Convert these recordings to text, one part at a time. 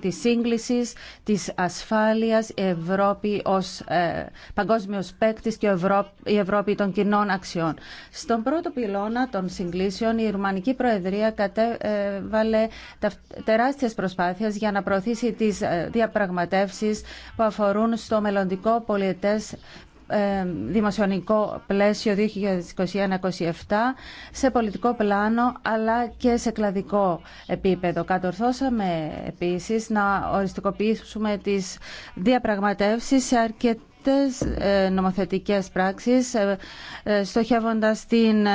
Τη σύγκληση, της ασφάλειας, η Ευρώπη ως ε, παγκόσμιος παίκτη και η Ευρώπη των κοινών αξιών. Στον πρώτο πυλώνα των συγκλήσεων η Ρουμανική Προεδρία κατέβαλε τεράστιε προσπάθειες για να προωθήσει τις ε, διαπραγματεύσεις που αφορούν στο μελλοντικό πολιετέ ε, δημοσιονικό πλαίσιο 2021-2027 σε πολιτικό πλάνο αλλά και σε κλαδικό επίπεδο. Κατορθώσαμε επίσης να οριστικοποιήσουμε τις διαπραγματεύσεις σε αρκετά ε, νομοθετικές πράξεις ε, στοχεύοντας την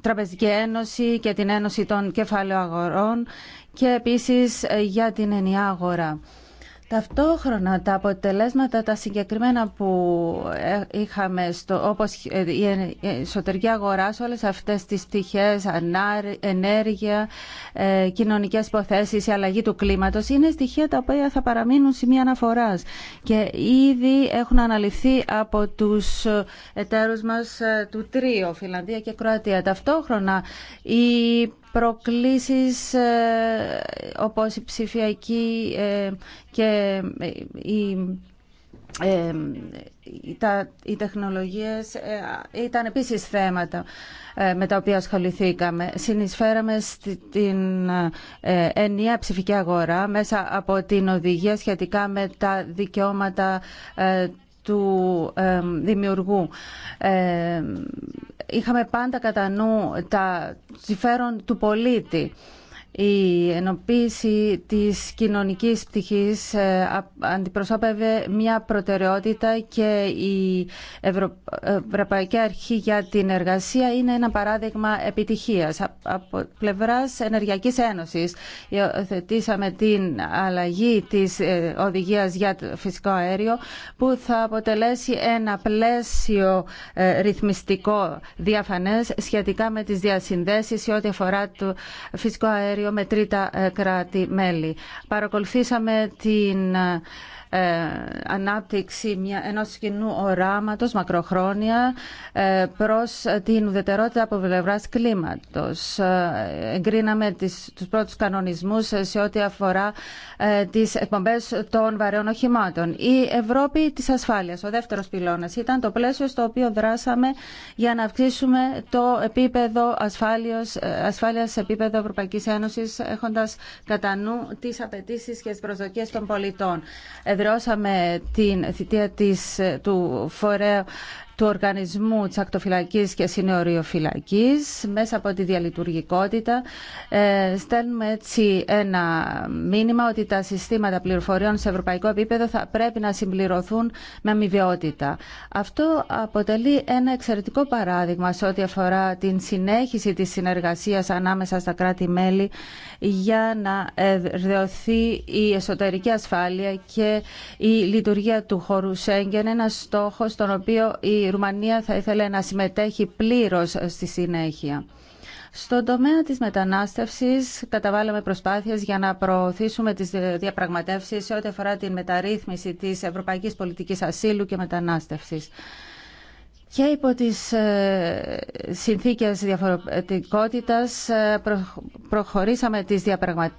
Τραπεζική Ένωση και την Ένωση των Κεφάλαιων Αγορών και επίσης για την ενιαία αγορά. Ταυτόχρονα τα αποτελέσματα τα συγκεκριμένα που ε, είχαμε στο, όπως ε, η ε, εσωτερική αγορά σε όλες αυτές τις πτυχές, ενέργεια, κοινωνικές υποθέσεις, η αλλαγή του κλίματος είναι στοιχεία τα οποία θα παραμείνουν σημεία αναφοράς και ήδη έχουν αναλυθεί από τους εταίρους μας του τρίου, Φιλανδία και Κροατία. Ταυτόχρονα προκλήσεις ε, όπως η ψηφιακή ε, και ε, η οι τεχνολογίες ήταν επίσης θέματα με τα οποία ασχοληθήκαμε. Συνεισφέραμε στην ενιαία ψηφική αγορά μέσα από την οδηγία σχετικά με τα δικαιώματα του δημιουργού. είχαμε πάντα κατά νου τα συμφέρον του πολίτη η ενοποίηση της κοινωνικής πτυχής ε, αντιπροσώπευε μια προτεραιότητα και η Ευρωπαϊκή Αρχή για την Εργασία είναι ένα παράδειγμα επιτυχίας. Από πλευράς Ενεργειακής Ένωσης υιοθετήσαμε την αλλαγή της ε, οδηγίας για το φυσικό αέριο που θα αποτελέσει ένα πλαίσιο ε, ρυθμιστικό διαφανές σχετικά με τις διασυνδέσεις σε ό,τι αφορά το φυσικό αέριο με τρίτα ε, κράτη-μέλη. Παρακολουθήσαμε την ε, ε, ανάπτυξη μια, ενός κοινού οράματος μακροχρόνια ε, προς την ουδετερότητα από πλευρά κλίματος. Ε, εγκρίναμε τις, τους πρώτους κανονισμούς σε ό,τι αφορά τις εκπομπές των βαρέων οχημάτων. Η Ευρώπη της ασφάλειας, ο δεύτερος πυλώνας, ήταν το πλαίσιο στο οποίο δράσαμε για να αυξήσουμε το επίπεδο ασφάλειας, ασφάλειας σε επίπεδο Ευρωπαϊκής Ένωσης έχοντας κατά νου τις απαιτήσει και τις προσδοκίες των πολιτών. Ολοκληρώσαμε την θητεία της, του φορέα του Οργανισμού Τσακτοφυλακής και Συνεωριοφυλακής μέσα από τη διαλειτουργικότητα. Ε, στέλνουμε έτσι ένα μήνυμα ότι τα συστήματα πληροφοριών σε ευρωπαϊκό επίπεδο θα πρέπει να συμπληρωθούν με αμοιβαιότητα. Αυτό αποτελεί ένα εξαιρετικό παράδειγμα σε ό,τι αφορά την συνέχιση της συνεργασίας ανάμεσα στα κράτη-μέλη για να ερδεωθεί η εσωτερική ασφάλεια και η λειτουργία του χώρου Σέγγεν, ένα στόχο στον οποίο η η Ρουμανία θα ήθελε να συμμετέχει πλήρως στη συνέχεια. Στον τομέα της μετανάστευσης καταβάλαμε προσπάθειες για να προωθήσουμε τις διαπραγματεύσεις σε ό,τι αφορά την μεταρρύθμιση της Ευρωπαϊκής Πολιτικής Ασύλου και Μετανάστευσης. Και υπό τις ε, συνθήκες διαφορετικότητας ε, προχωρήσαμε τις διαπραγματεύσεις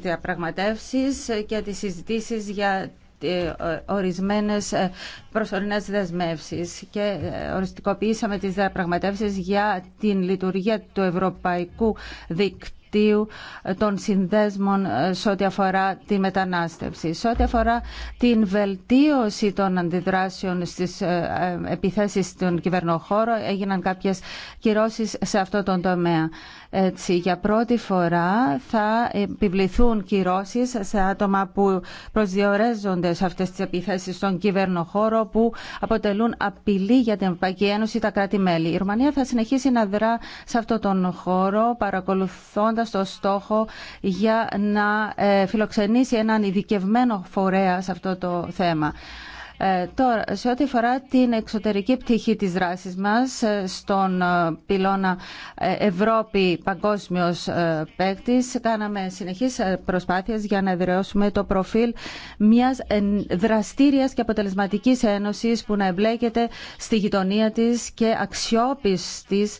διαπραγματεύσεις και τις συζητήσεις για ε, ε, ορισμένες ε, προσωρινές δεσμεύσεις και οριστικοποιήσαμε τις διαπραγματεύσεις για την λειτουργία του Ευρωπαϊκού Δικτύου ε, των συνδέσμων ε, σε ό,τι αφορά τη μετανάστευση. Σε ό,τι αφορά την βελτίωση των αντιδράσεων στις ε, επιθέσεις στον κυβερνοχώρο έγιναν κάποιες κυρώσεις σε αυτό τον τομέα. Έτσι, για πρώτη φορά θα επιβληθούν κυρώσεις σε άτομα που προσδιορίζονται σε αυτές τις επιθέσεις στον κυβερνοχώρο που αποτελούν απειλή για την Ευρωπαϊκή Ένωση τα κράτη-μέλη. Η Ρουμανία θα συνεχίσει να δρά σε αυτόν τον χώρο παρακολουθώντας στο στόχο για να ε, φιλοξενήσει έναν ειδικευμένο φορέα σε αυτό το θέμα. Ε, τώρα, σε ό,τι αφορά την εξωτερική πτυχή της δράσης μας ε, στον ε, πυλώνα Ευρώπη παγκόσμιος παίκτης, κάναμε συνεχείς προσπάθειες για να εδραιώσουμε το προφίλ μιας δραστήριας και αποτελεσματικής ένωσης που να εμπλέκεται στη γειτονία της και αξιόπιστης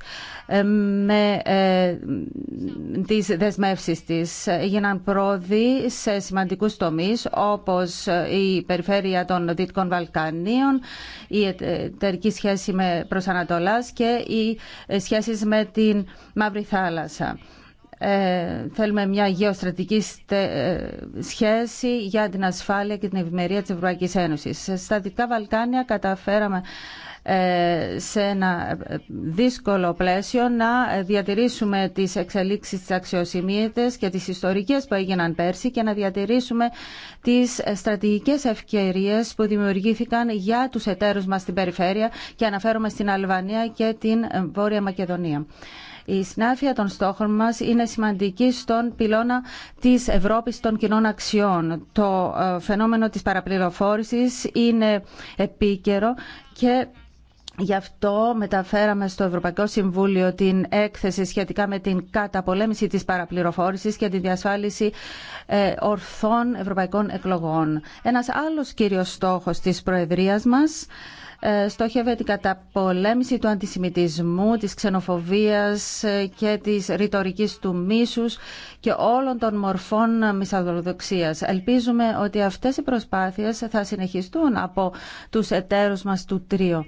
με τις δεσμεύσεις της. Έγιναν πρόοδοι σε σημαντικούς τομείς όπως η περιφέρεια των Δυτικών Βαλκανίων, η εταιρική σχέση με προς και οι σχέσεις με την Μαύρη Θάλασσα. Ε, θέλουμε μια γεωστρατική ε, σχέση για την ασφάλεια και την ευημερία της Ευρωπαϊκής Ένωσης. Στα Δυτικά Βαλκάνια καταφέραμε ε, σε ένα δύσκολο πλαίσιο να διατηρήσουμε τις εξελίξεις της αξιοσημείωτες και τις ιστορικές που έγιναν πέρσι και να διατηρήσουμε τις στρατηγικές ευκαιρίες που δημιουργήθηκαν για τους εταίρους μας στην περιφέρεια και αναφέρομαι στην Αλβανία και την Βόρεια Μακεδονία. Η συνάφεια των στόχων μας είναι σημαντική στον πυλώνα της Ευρώπης των κοινών αξιών. Το ε, φαινόμενο της παραπληροφόρησης είναι επίκαιρο και Γι' αυτό μεταφέραμε στο Ευρωπαϊκό Συμβούλιο την έκθεση σχετικά με την καταπολέμηση της παραπληροφόρησης και τη διασφάλιση ε, ορθών ευρωπαϊκών εκλογών. Ένας άλλος κύριος στόχος της Προεδρίας μας ε, στόχευε την καταπολέμηση του αντισημιτισμού, της ξενοφοβίας ε, και της ρητορική του μίσους και όλων των μορφών μισαδοδοξίας. Ελπίζουμε ότι αυτές οι προσπάθειες θα συνεχιστούν από τους εταίρους μας του τρίου.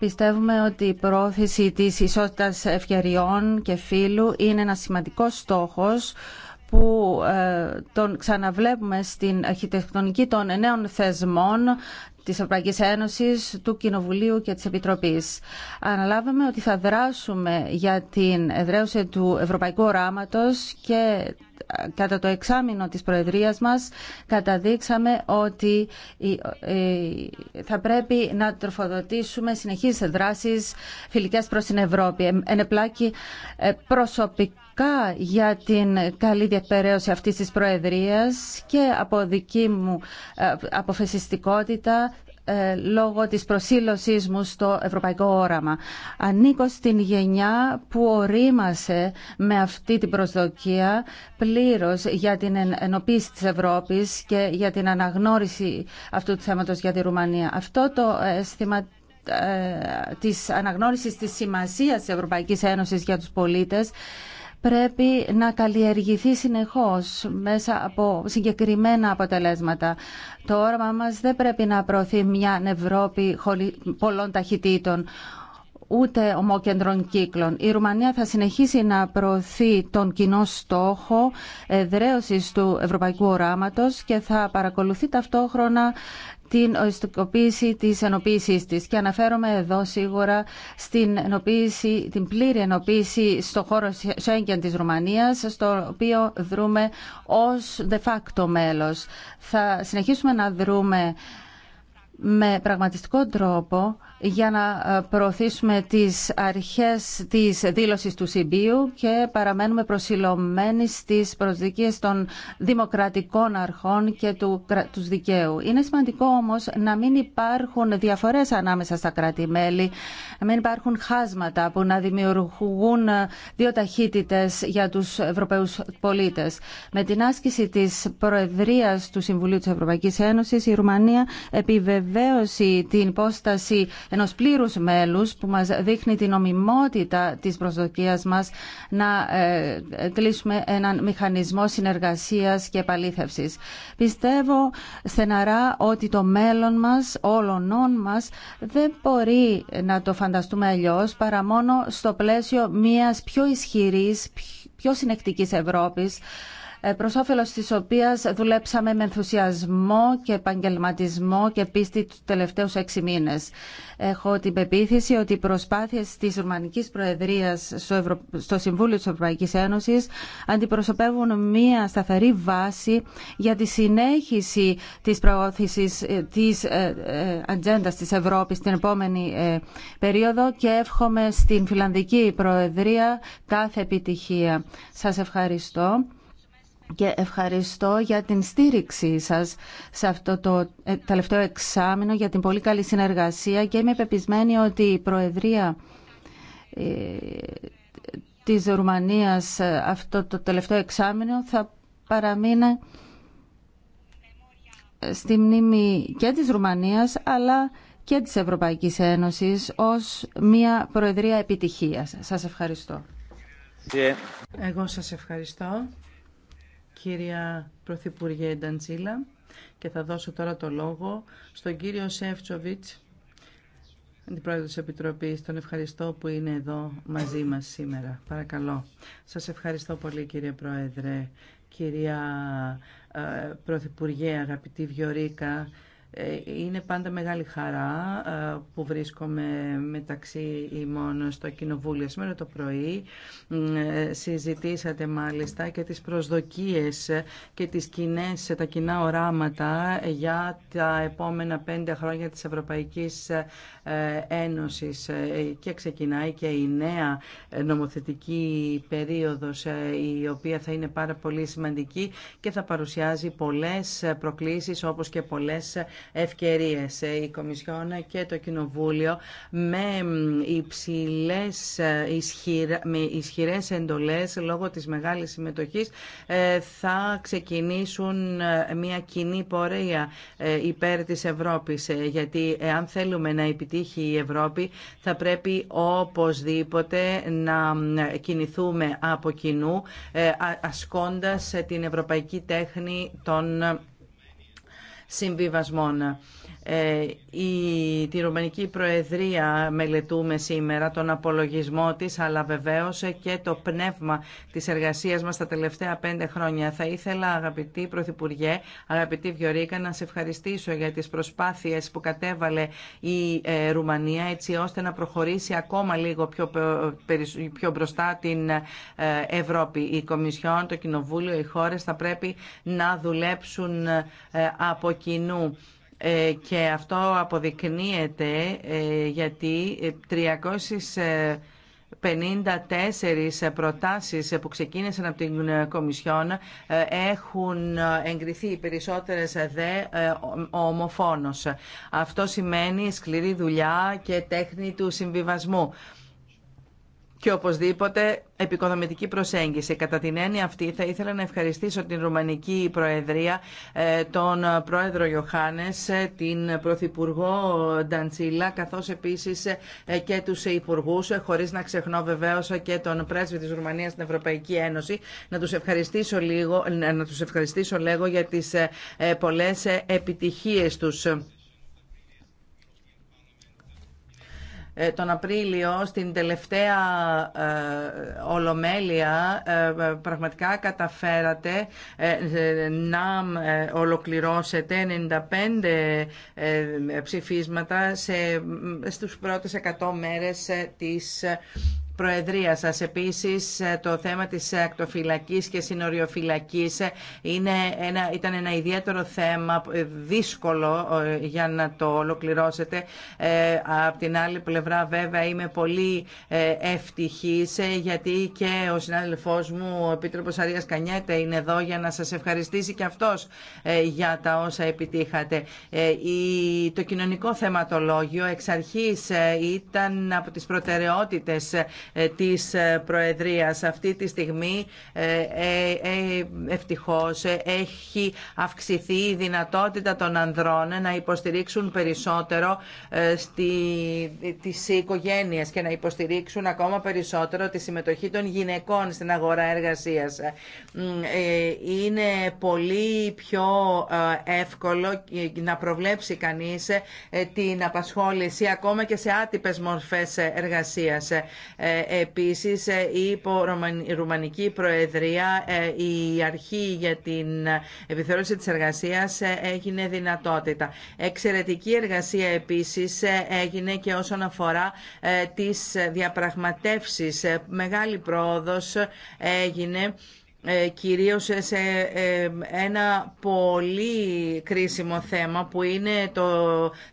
Πιστεύουμε ότι η πρόθεση της ισότητας ευκαιριών και φύλου είναι ένα σημαντικός στόχος που ε, τον ξαναβλέπουμε στην αρχιτεκτονική των νέων θεσμών της Ευρωπαϊκής Ένωσης, του Κοινοβουλίου και της Επιτροπής. Αναλάβαμε ότι θα δράσουμε για την εδραίωση του ευρωπαϊκού οράματος και ε, κατά το εξάμεινο της Προεδρίας μας καταδείξαμε ότι ε, θα πρέπει να τροφοδοτήσουμε συνεχείς δράσεις φιλικές προς την Ευρώπη. Ενεπλάκη προσωπικά για την καλή διεκπαιρέωση αυτής της Προεδρίας και από δική μου ε, αποφασιστικότητα ε, λόγω της προσήλωσής μου στο ευρωπαϊκό όραμα. Ανήκω στην γενιά που ορίμασε με αυτή την προσδοκία πλήρως για την ενοποίηση της Ευρώπης και για την αναγνώριση αυτού του θέματος για τη Ρουμανία. Αυτό το αίσθημα ε, της αναγνώρισης της σημασίας της Ευρωπαϊκής Ένωσης για τους πολίτες πρέπει να καλλιεργηθεί συνεχώς μέσα από συγκεκριμένα αποτελέσματα. Το όραμα μας δεν πρέπει να προωθεί μια Ευρώπη πολλών ταχυτήτων ούτε ομόκεντρων κύκλων. Η Ρουμανία θα συνεχίσει να προωθεί τον κοινό στόχο εδραίωση του ευρωπαϊκού οράματο και θα παρακολουθεί ταυτόχρονα την οριστικοποίηση της ενοποίησής της. Και αναφέρομαι εδώ σίγουρα στην, ενοποίηση, την πλήρη ενοποίηση στο χώρο Σέγγεν της Ρουμανίας, στο οποίο δρούμε ως de facto μέλος. Θα συνεχίσουμε να δρούμε με πραγματιστικό τρόπο για να ε, προωθήσουμε τις αρχές της δήλωσης του Συμπίου και παραμένουμε προσιλωμένοι στις προσδικίες των δημοκρατικών αρχών και του τους δικαίου. Είναι σημαντικό όμως να μην υπάρχουν διαφορές ανάμεσα στα κράτη-μέλη, να μην υπάρχουν χάσματα που να δημιουργούν ε, δύο ταχύτητες για τους Ευρωπαίους πολίτες. Με την άσκηση της Προεδρίας του Συμβουλίου της Ευρωπαϊκής Ένωσης, η Ρουμανία επιβεβαίωσε την υπόσταση Ενό πλήρου μέλου που μας δείχνει την ομιμότητα της προσδοκίας μας να ε, κλείσουμε έναν μηχανισμό συνεργασίας και επαλήθευση. Πιστεύω στεναρά ότι το μέλλον μας, όλων μας, δεν μπορεί να το φανταστούμε αλλιώ παρά μόνο στο πλαίσιο μιας πιο ισχυρής, πιο συνεκτικής Ευρώπης προς όφελο τη οποία δουλέψαμε με ενθουσιασμό και επαγγελματισμό και πίστη του τελευταίους έξι μήνες. Έχω την πεποίθηση ότι οι προσπάθειες της Ρουμανική Προεδρίας στο Συμβούλιο της Ευρωπαϊκή Ένωσης αντιπροσωπεύουν μία σταθερή βάση για τη συνέχιση της προώθησης ε, της ε, ε, ατζέντα της Ευρώπης την επόμενη περίοδο και εύχομαι στην Φιλανδική Προεδρία κάθε επιτυχία. Σας ευχαριστώ και ευχαριστώ για την στήριξή σας σε αυτό το ε, τελευταίο εξάμεινο για την πολύ καλή συνεργασία και είμαι πεπισμένη ότι η Προεδρία ε, της Ρουμανίας ε, αυτό το τελευταίο εξάμεινο θα παραμείνει στη μνήμη και της Ρουμανίας αλλά και της Ευρωπαϊκής Ένωσης ως μια Προεδρία επιτυχίας. Σας ευχαριστώ. Εγώ σας ευχαριστώ κυρία Πρωθυπουργέ Νταντσίλα και θα δώσω τώρα το λόγο στον κύριο Σεύτσοβιτς, Αντιπρόεδρο της Επιτροπής. Τον ευχαριστώ που είναι εδώ μαζί μας σήμερα. Παρακαλώ. Σας ευχαριστώ πολύ κύριε Πρόεδρε, κυρία ε, Πρωθυπουργέ, αγαπητή Βιορίκα, ε, είναι πάντα μεγάλη χαρά ε, που βρίσκομαι μεταξύ ημών στο Κοινοβούλιο. Σήμερα το πρωί ε, συζητήσατε μάλιστα και τις προσδοκίες και τις κοινές, τα κοινά οράματα για τα επόμενα πέντε χρόνια της Ευρωπαϊκής Ένωσης και ξεκινάει και η νέα νομοθετική περίοδος η οποία θα είναι πάρα πολύ σημαντική και θα παρουσιάζει πολλές προκλήσεις όπως και πολλές Ευκαιρίε ε, Η Κομισιόν και το Κοινοβούλιο με υψηλές, ε, ισχυρα, ισχυρές εντολές λόγω της μεγάλη συμμετοχή ε, θα ξεκινήσουν μια κοινή πορεία υπέρ της Ευρώπης γιατί εάν θέλουμε να επιτύχει η Ευρώπη θα πρέπει οπωσδήποτε να κινηθούμε από κοινού ασκώντας την ευρωπαϊκή τέχνη των συμβιβασμών. Ε, η, τη Ρουμανική Προεδρία μελετούμε σήμερα τον απολογισμό της αλλά βεβαίως και το πνεύμα της εργασίας μας τα τελευταία πέντε χρόνια. Θα ήθελα αγαπητή Πρωθυπουργέ, αγαπητή Βιορίκα να σε ευχαριστήσω για τις προσπάθειες που κατέβαλε η ε, Ρουμανία έτσι ώστε να προχωρήσει ακόμα λίγο πιο, ε, πιο μπροστά την Ευρώπη. Η Κομισιόν, το Κοινοβούλιο, οι χώρες θα πρέπει να δουλέψουν από κοινού ε, και αυτό αποδεικνύεται ε, γιατί 354 προτάσεις που ξεκίνησαν από την ε, Κομισιόν έχουν εγκριθεί οι περισσότερες δε ομοφόνος. Αυτό σημαίνει σκληρή δουλειά και τέχνη του συμβιβασμού και οπωσδήποτε επικοδομητική προσέγγιση. Κατά την έννοια αυτή θα ήθελα να ευχαριστήσω την Ρουμανική Προεδρία, ε, τον Πρόεδρο Ιωάννης, ε, την Πρωθυπουργό Νταντσίλα, καθώς επίσης ε, και τους Υπουργούς, χωρίς να ξεχνώ βεβαίως και τον Πρέσβη της Ρουμανίας στην Ευρωπαϊκή Ένωση, να τους ευχαριστήσω, λίγο, να ευχαριστήσω για τις πολλές επιτυχίες τους. Ε, τον Απρίλιο στην τελευταία ε, Ολομέλεια ε, πραγματικά καταφέρατε να ολοκληρώσετε 95 ψηφίσματα σε, στους πρώτες 100 μέρες της Προεδρία σας. Επίσης το θέμα της ακτοφυλακής και συνοριοφυλακής είναι ένα, ήταν ένα ιδιαίτερο θέμα, δύσκολο ε, για να το ολοκληρώσετε. Ε, απ' την άλλη πλευρά βέβαια είμαι πολύ ε, ευτυχής γιατί και ο συνάδελφός μου, ο Επίτροπος Αρίας Κανιέτε, είναι εδώ για να σας ευχαριστήσει και αυτός για τα όσα επιτύχατε. Το κοινωνικό θεματολόγιο εξ αρχής ήταν από τις προτεραιότητες ε, της ε, Προεδρίας. Αυτή τη στιγμή ε, ευτυχώς έχει αυξηθεί η δυνατότητα των ανδρών να υποστηρίξουν περισσότερο στη, τις οικογένειες και να υποστηρίξουν ακόμα περισσότερο τη συμμετοχή των γυναικών στην αγορά εργασίας. Είναι πολύ πιο εύκολο να προβλέψει κανείς την απασχόληση ακόμα και σε άτυπες μορφές εργασίας. Επίσης, η ε, Ρουμανική Προεδρία, ε, η αρχή για την επιθεώρηση της εργασίας ε, έγινε δυνατότητα. Εξαιρετική εργασία επίσης έγινε και όσον αφορά τις διαπραγματεύσεις. Μεγάλη πρόοδος έγινε ε, κυρίως σε ε, ένα πολύ κρίσιμο θέμα που είναι το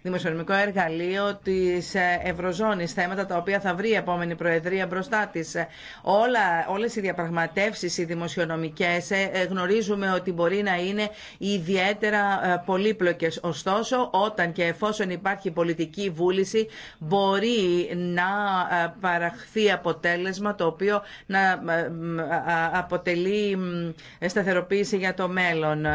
δημοσιονομικό εργαλείο της ε, Ευρωζώνης, θέματα τα οποία θα βρει η επόμενη Προεδρία μπροστά της. Όλα, όλες οι διαπραγματεύσεις, οι δημοσιονομικές, γνωρίζουμε ότι μπορεί να είναι ιδιαίτερα πολύπλοκες. Ωστόσο, όταν και εφόσον υπάρχει πολιτική βούληση, μπορεί να παραχθεί αποτέλεσμα το οποίο να αποτελεί σταθεροποίηση για το μέλλον.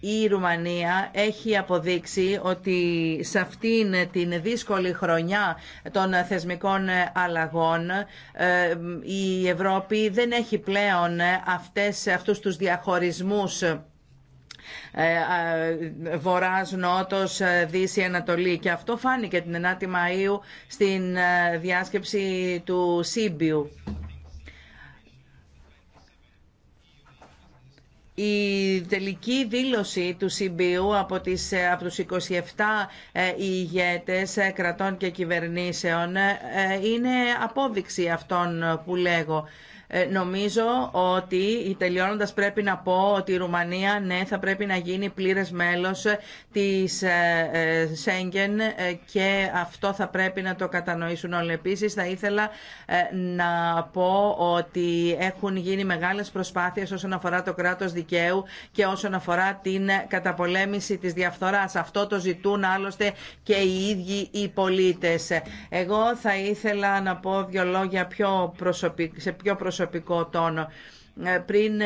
Η Ρουμανία έχει αποδείξει ότι σε αυτήν την δύσκολη χρονιά των θεσμικών αλλαγών ε, η Ευρώπη δεν έχει πλέον αυτές, αυτούς τους διαχωρισμούς ε, ε, βορράς, νότος, δύση, ανατολή. Και αυτό φάνηκε την 9η Μαΐου στην διάσκεψη του Σύμπιου. Η τελική δήλωση του ΣΥΜΠΙΟΥ από, τις, ε, από τους 27 ε, ηγέτες ε, κρατών και κυβερνήσεων είναι απόδειξη αυτών που λέγω. Ε, νομίζω ότι, τελειώνοντας πρέπει να πω ότι η Ρουμανία ναι θα πρέπει να γίνει πλήρες μέλος ε, της ε, Σέγγεν και αυτό θα πρέπει να το κατανοήσουν όλοι. Επίσης θα ήθελα να πω ότι έχουν γίνει μεγάλες προσπάθειες όσον αφορά το κράτος δικαίου και όσον αφορά την καταπολέμηση της διαφθοράς. Αυτό το ζητούν άλλωστε και οι ίδιοι οι πολίτες. Εγώ θα ήθελα να πω δύο λόγια πιο σε πιο προσωπικό τόνο ε, πριν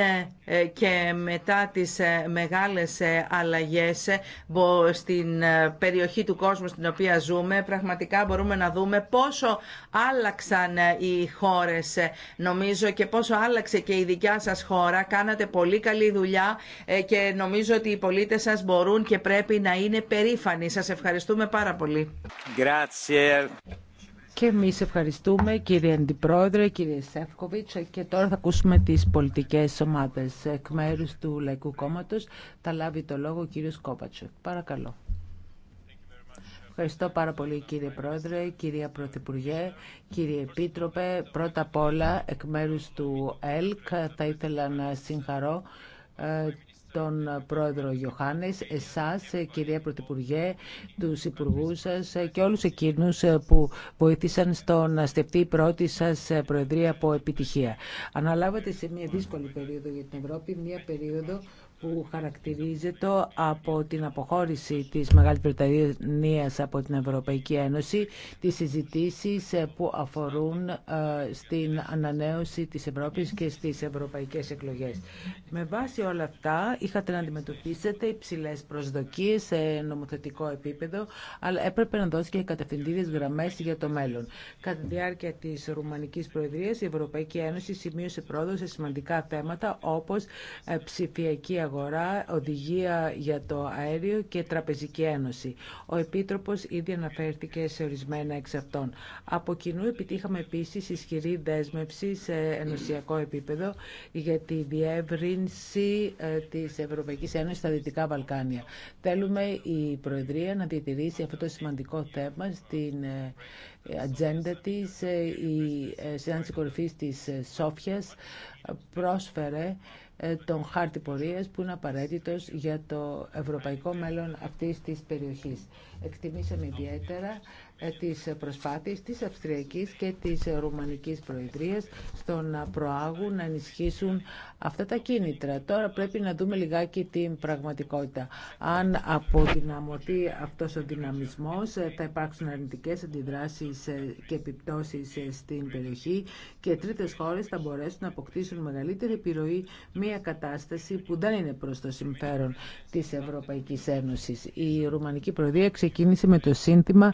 ε, και μετά τις ε, μεγάλες αλλαγές στην περιοχή του κόσμου στην οποία ζούμε πραγματικά μπορούμε να δούμε πόσο άλλαξαν οι χώρες νομίζω και πόσο άλλαξε και η δικιά σας χώρα κάνατε πολύ καλή δουλειά και νομίζω ότι οι πολίτες σας μπορούν και πρέπει να είναι περήφανοι σας ευχαριστούμε πάρα πολύ και εμείς ευχαριστούμε κύριε Αντιπρόεδρε, κύριε Σεύκοβιτς και τώρα θα ακούσουμε τις πολιτικές ομάδες εκ μέρου του Λαϊκού Κόμματος. Θα λάβει το λόγο ο κύριος Κόπατσο. Παρακαλώ. Ευχαριστώ πάρα πολύ κύριε Πρόεδρε, κυρία Πρωθυπουργέ, κύριε Επίτροπε. Πρώτα απ' όλα εκ μέρους του ΕΛΚ θα ήθελα να συγχαρώ ε, τον πρόεδρο Γιωχάνες, εσάς κυρία Πρωθυπουργέ, του υπουργούς σας και όλους εκείνους που βοήθησαν στο να στεφτεί η πρώτη σας προεδρία από επιτυχία. Αναλάβατε σε μια δύσκολη περίοδο για την Ευρώπη, μια περίοδο που χαρακτηρίζεται από την αποχώρηση της Μεγάλης Βρετανίας από την Ευρωπαϊκή Ένωση, τις συζητήσεις που αφορούν ε, στην ανανέωση της Ευρώπης και στις ευρωπαϊκές εκλογές. Με βάση όλα αυτά είχατε να αντιμετωπίσετε υψηλέ προσδοκίες σε νομοθετικό επίπεδο, αλλά έπρεπε να δώσει και κατευθυντήριες γραμμές για το μέλλον. Κατά τη διάρκεια της Ρουμανικής Προεδρίας, η Ευρωπαϊκή Ένωση σημείωσε πρόοδο σε σημαντικά θέματα όπως ε, ψηφιακή αγορά, οδηγία για το αέριο και τραπεζική ένωση. Ο Επίτροπος ήδη αναφέρθηκε σε ορισμένα εξ αυτών. Από κοινού επιτύχαμε επίσης ισχυρή δέσμευση σε ενωσιακό επίπεδο για τη διεύρυνση ε, της Ευρωπαϊκής Ένωση στα Δυτικά Βαλκάνια. Θέλουμε η Προεδρία να διατηρήσει αυτό το σημαντικό θέμα στην ε, ατζέντα της. Ε, η συνάντηση Κορυφή της Σόφιας πρόσφερε ε, τον χάρτη πορείας που είναι απαραίτητος για το ευρωπαϊκό μέλλον αυτής της περιοχής. Εκτιμήσαμε ιδιαίτερα ε, τις προσπάθειες της Αυστριακής και της Ρουμανικής Προεδρίας στο να προάγουν, να ενισχύσουν αυτά τα κίνητρα. Τώρα πρέπει να δούμε λιγάκι την πραγματικότητα. Αν αποδυναμωθεί αυτός ο δυναμισμός ε, θα υπάρξουν αρνητικές αντιδράσεις ε, και επιπτώσεις στην περιοχή και τρίτες χώρες θα μπορέσουν να αποκτήσουν μεγαλύτερη επιρροή μια κατάσταση που δεν είναι προς το συμφέρον της Ευρωπαϊκής Ένωσης. Η Ρουμανική Προεδρία ξεκίνησε με το σύνθημα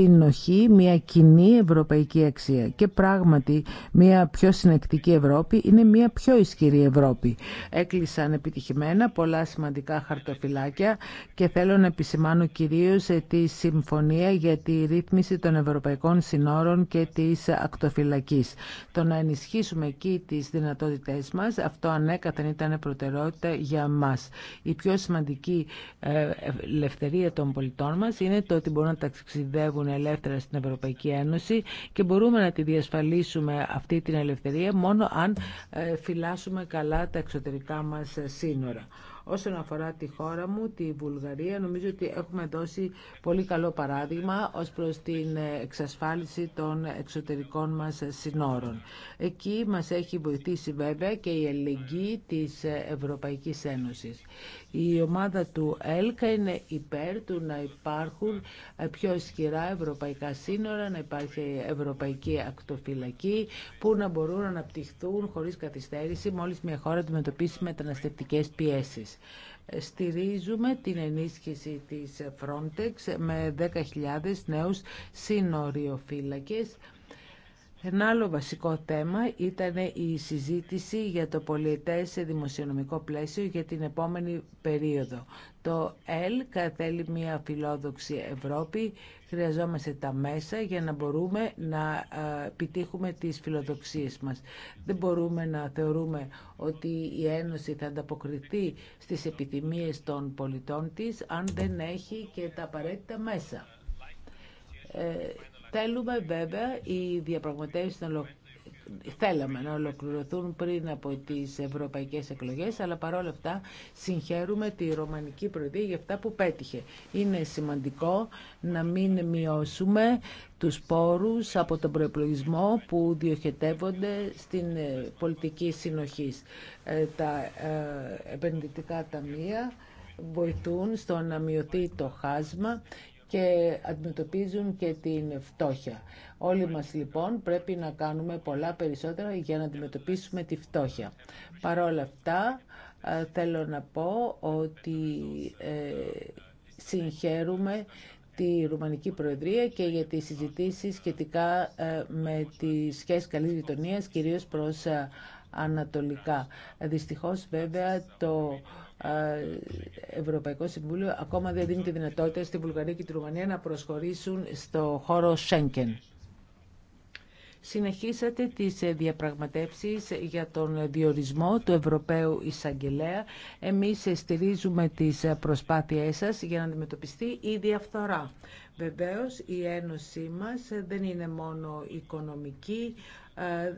συνοχή, μια κοινή ευρωπαϊκή αξία. Και πράγματι, μια πιο συνεκτική Ευρώπη είναι μια πιο ισχυρή Ευρώπη. Έκλεισαν επιτυχημένα πολλά σημαντικά χαρτοφυλάκια και θέλω να επισημάνω κυρίως ε, τη συμφωνία για τη ρύθμιση των ευρωπαϊκών συνόρων και της ακτοφυλακής. Το να ενισχύσουμε εκεί τις δυνατότητές μας, αυτό ανέκαθεν ήταν προτεραιότητα για μας. Η πιο σημαντική ε, ε, ελευθερία των πολιτών μας είναι το ότι μπορούν να ταξιδεύουν ελεύθερα στην Ευρωπαϊκή Ένωση και μπορούμε να τη διασφαλίσουμε αυτή την ελευθερία μόνο αν ε, φυλάσσουμε καλά τα εξωτερικά μας σύνορα. Όσον αφορά τη χώρα μου, τη Βουλγαρία, νομίζω ότι έχουμε δώσει πολύ καλό παράδειγμα ως προς την εξασφάλιση των εξωτερικών μας συνόρων. Εκεί μας έχει βοηθήσει βέβαια και η ελεγγύη της Ευρωπαϊκής Ένωσης. Η ομάδα του ΕΛΚΑ είναι υπέρ του να υπάρχουν πιο ισχυρά ευρωπαϊκά σύνορα, να υπάρχει ευρωπαϊκή ακτοφυλακή που να μπορούν να αναπτυχθούν χωρίς καθυστέρηση μόλις μια χώρα αντιμετωπίσει μεταναστευτικές πιέσεις. Στηρίζουμε την ενίσχυση της Frontex με 10.000 νέους σύνοριοφύλακες. Ένα άλλο βασικό θέμα ήταν η συζήτηση για το σε δημοσιονομικό πλαίσιο για την επόμενη περίοδο. Το ΕΛ καθέλει μια φιλόδοξη Ευρώπη Χρειαζόμαστε τα μέσα για να μπορούμε να ε, επιτύχουμε τις φιλοδοξίες μας. Δεν μπορούμε να θεωρούμε ότι η Ένωση θα ανταποκριθεί στις επιθυμίες των πολιτών της αν δεν έχει και τα απαραίτητα μέσα. Ε, θέλουμε βέβαια οι διαπραγματεύσει να θέλαμε να ολοκληρωθούν πριν από τις ευρωπαϊκές εκλογές, αλλά παρόλα αυτά συγχαίρουμε τη Ρωμανική Προεδρία για αυτά που πέτυχε. Είναι σημαντικό να μην μειώσουμε τους πόρους από τον προεπλογισμό που διοχετεύονται στην ε, πολιτική συνοχής. Ε, τα ε, επενδυτικά ταμεία βοηθούν στο να μειωθεί το χάσμα και αντιμετωπίζουν και την φτώχεια. Όλοι μας λοιπόν πρέπει να κάνουμε πολλά περισσότερα για να αντιμετωπίσουμε τη φτώχεια. Παρ' όλα αυτά θέλω να πω ότι ε, συγχαίρουμε τη Ρουμανική Προεδρία και για τις συζητήσεις σχετικά ε, με τις σχέσεις καλής γειτονίας, κυρίως προς ε, ανατολικά. Δυστυχώς βέβαια το Ευρωπαϊκό Συμβούλιο ακόμα δεν δίνει τη δυνατότητα στη Βουλγαρία και τη Ρουμανία να προσχωρήσουν στο χώρο Σέγγεν. Συνεχίσατε τις ε, διαπραγματεύσεις για τον διορισμό του Ευρωπαίου Εισαγγελέα. Εμείς στηρίζουμε τις ε, προσπάθειές σας για να αντιμετωπιστεί η διαφθορά. Βεβαίως η Ένωσή μας δεν είναι μόνο οικονομική, ε,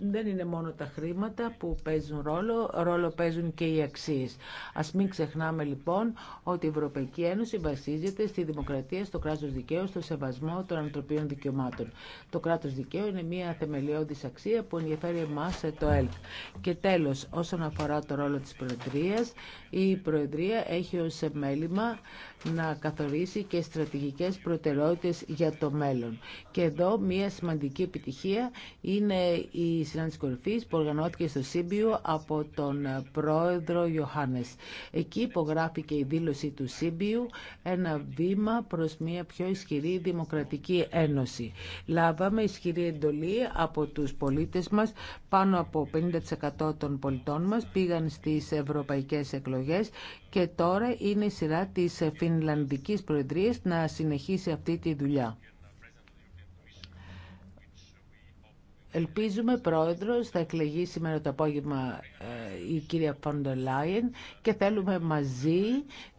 δεν είναι μόνο τα χρήματα που παίζουν ρόλο, ρόλο παίζουν και οι αξίες. Ας μην ξεχνάμε λοιπόν ότι η Ευρωπαϊκή Ένωση βασίζεται στη δημοκρατία, στο κράτος δικαίου, στο σεβασμό των ανθρωπίνων δικαιωμάτων. Το κράτος δικαίου είναι μια θεμελιώδης αξία που ενδιαφέρει εμάς ε, το ΕΛΚ. Και τέλος, όσον αφορά το ρόλο της Προεδρίας, η Προεδρία έχει ως μέλημα να καθορίσει και στρατηγικές προτεραιότητες για το μέλλον. Και εδώ μια σημαντική επιτυχία είναι η συνάντηση κορυφής που οργανώθηκε στο Σύμπιο από τον πρόεδρο Ιωάννης. Εκεί υπογράφηκε η δήλωση του Σύμπιου ένα βήμα προς μια πιο ισχυρή δημοκρατική ένωση. Λάβαμε ισχυρή εντολή από τους πολίτες μας. Πάνω από 50% των πολιτών μας πήγαν στις ευρωπαϊκές εκλογές και τώρα είναι η σειρά της Φινλανδικής Προεδρίας να συνεχίσει αυτή τη δουλειά. Ελπίζουμε, Πρόεδρος, θα εκλεγεί σήμερα το απόγευμα ε, η κυρία Φόντερ και θέλουμε μαζί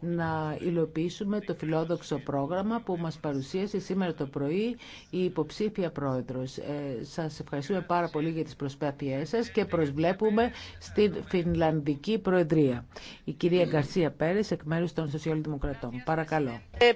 να υλοποιήσουμε το φιλόδοξο πρόγραμμα που μας παρουσίασε σήμερα το πρωί η υποψήφια Πρόεδρος. Ε, σας ευχαριστούμε πάρα πολύ για τις προσπάθειές σας και προσβλέπουμε στην Φινλανδική Προεδρία. Η κυρία Γκαρσία Πέρες, εκ μέρους των Σοσιαλδημοκρατών. Παρακαλώ. Ε,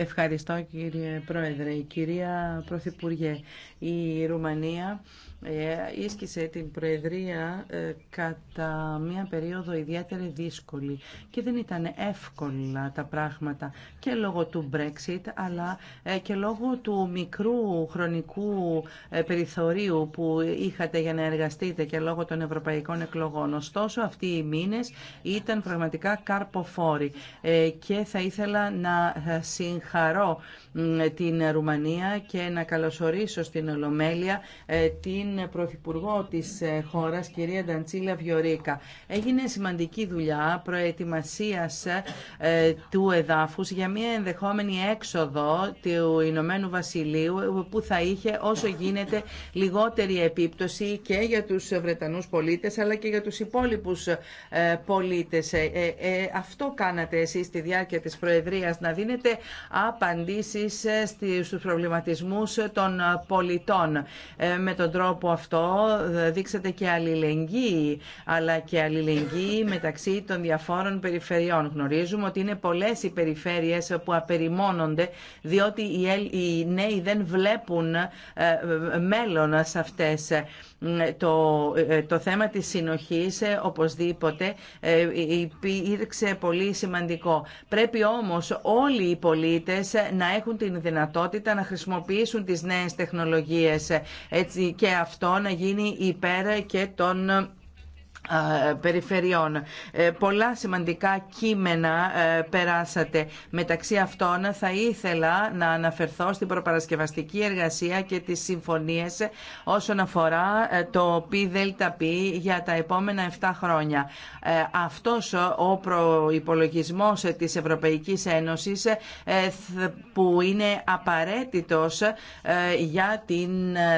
Ευχαριστώ κύριε Πρόεδρε. Η κυρία Πρωθυπουργέ, η Ρουμανία να ε, ίσκησε την Προεδρία ε, κατά μια περίοδο ιδιαίτερα δύσκολη και δεν ήταν εύκολα τα πράγματα και λόγω του Brexit αλλά ε, και λόγω του μικρού χρονικού περιθωρίου που είχατε για να εργαστείτε και λόγω των ευρωπαϊκών εκλογών. Ωστόσο αυτοί οι μήνες ήταν πραγματικά καρποφόροι και θα ήθελα να συγχαρώ την Ρουμανία και να καλωσορίσω στην Ολομέλεια την την Πρωθυπουργό της ε, χώρας, κυρία Νταντσίλα Βιορίκα. Έγινε σημαντική δουλειά προετοιμασίας ε, του εδάφους για μια ενδεχόμενη έξοδο του Ηνωμένου Βασιλείου που θα είχε όσο γίνεται λιγότερη επίπτωση και για τους Βρετανούς πολίτες αλλά και για τους υπόλοιπους ε, πολίτες. Αυτό κάνατε εσείς στη διάρκεια της Προεδρίας, να δίνετε απαντήσεις στους προβληματισμούς των πολιτών με τον τρόπο τρόπο αυτό ε, δείξατε και αλληλεγγύη, αλλά και αλληλεγγύη μεταξύ των διαφόρων περιφερειών. Γνωρίζουμε ότι είναι πολλές οι περιφέρειες που απεριμόνονται, διότι οι νέοι δεν βλέπουν ε, μέλλον σε αυτές. Το, ε, το θέμα της συνοχής οπωσδήποτε ήρξε πολύ σημαντικό. Πρέπει όμως όλοι οι πολίτες να έχουν την δυνατότητα να χρησιμοποιήσουν τις νέες τεχνολογίες έτσι, και αυτό να γίνει υπέρ και των ε, περιφερειών. Ε, πολλά σημαντικά κείμενα ε, περάσατε. Μεταξύ αυτών θα ήθελα να αναφερθώ στην προπαρασκευαστική εργασία και τις συμφωνίες όσον αφορά το ΠΔΠ για τα επόμενα 7 χρόνια. Αυτός ο προϋπολογισμός της Ευρωπαϊκής Ένωσης που είναι απαραίτητος για την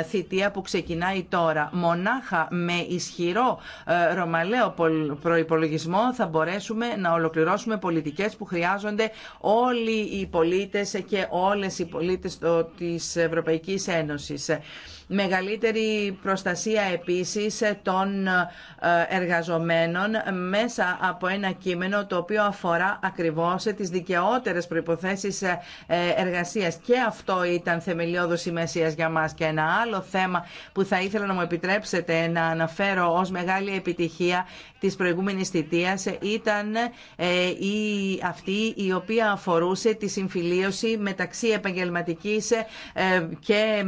θητεία που ξεκινάει τώρα. Μονάχα με ισχυρό λέω προπολογισμό θα μπορέσουμε να ολοκληρώσουμε πολιτικέ που χρειάζονται όλοι οι πολίτε και όλες οι πολίτες της Ευρωπαϊκής Ένωσης. Μεγαλύτερη προστασία επίσης των ε, εργαζομένων μέσα από ένα κείμενο το οποίο αφορά ακριβώς τις δικαιότερες προϋποθέσεις ε, εργασίας. Και αυτό ήταν θεμελιώδος σημασία για μας. Και ένα άλλο θέμα που θα ήθελα να μου επιτρέψετε να αναφέρω ως μεγάλη επιτυχία της προηγούμενης θητείας ήταν ε, η, αυτή η οποία αφορούσε τη συμφιλίωση μεταξύ επαγγελματικής και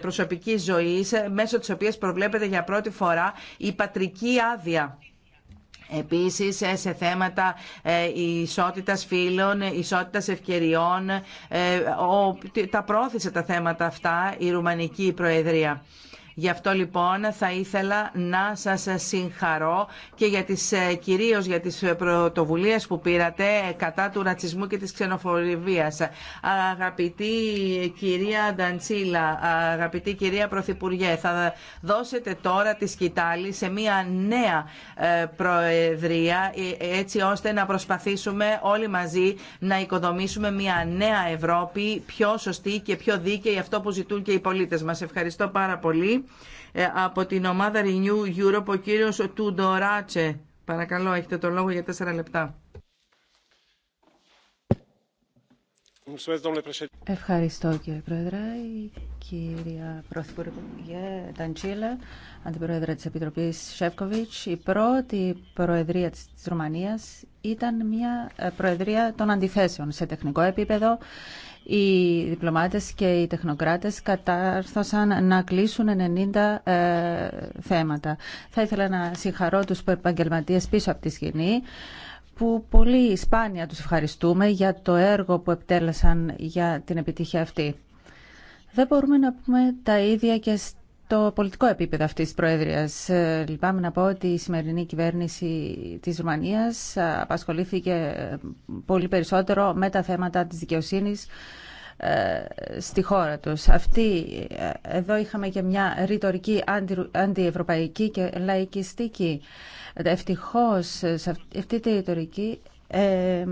προσωπικής ζωής, ε, μέσω της οποίας προβλέπεται για πρώτη φορά η πατρική άδεια. Επίσης ε, σε θέματα ε, ισότητας φύλων, ισότητας ευκαιριών, τα πρόθεσε τα θέματα αυτά η Ρουμανική Προεδρία. Γι' αυτό λοιπόν θα ήθελα να σας συγχαρώ και για τις, ε, κυρίως για τις πρωτοβουλίες που πήρατε ε, κατά του ρατσισμού και της ξενοφοβίας. Αγαπητή κυρία Νταντσίλα, αγαπητή κυρία Πρωθυπουργέ, θα δώσετε τώρα τη σκητάλη σε μια νέα ε, προεδρία έτσι ώστε να προσπαθήσουμε όλοι μαζί να οικοδομήσουμε μια νέα Ευρώπη πιο σωστή και πιο δίκαιη αυτό που ζητούν και οι πολίτες μας. Ευχαριστώ πάρα πολύ. Ε, από την ομάδα Renew Europe ο κύριο Τουντοράτσε. Παρακαλώ, έχετε το λόγο για τέσσερα λεπτά. Ευχαριστώ κύριε Πρόεδρε. Κυρία Πρωθυπουργέ Ταντσίλα, Αντιπρόεδρε της Επιτροπής Σεύκοβιτς, η πρώτη Προεδρία της Ρουμανίας ήταν μια ε, Προεδρία των Αντιθέσεων σε τεχνικό επίπεδο, οι διπλωμάτες και οι τεχνοκράτες κατάρθωσαν να κλείσουν 90 ε, θέματα. Θα ήθελα να συγχαρώ τους επαγγελματίε πίσω από τη σκηνή που πολύ σπάνια τους ευχαριστούμε για το έργο που επιτέλεσαν για την επιτυχία αυτή. Δεν μπορούμε να πούμε τα ίδια και το πολιτικό επίπεδο αυτής της Προέδριας. Ε, λυπάμαι να πω ότι η σημερινή κυβέρνηση της Ρουμανίας απασχολήθηκε ε, πολύ περισσότερο με τα θέματα της δικαιοσύνης ε, στη χώρα τους. Αυτή, εδώ είχαμε και μια ρητορική αντιευρωπαϊκή και λαϊκιστική. Ευτυχώς σε αυτή τη ρητορική ε,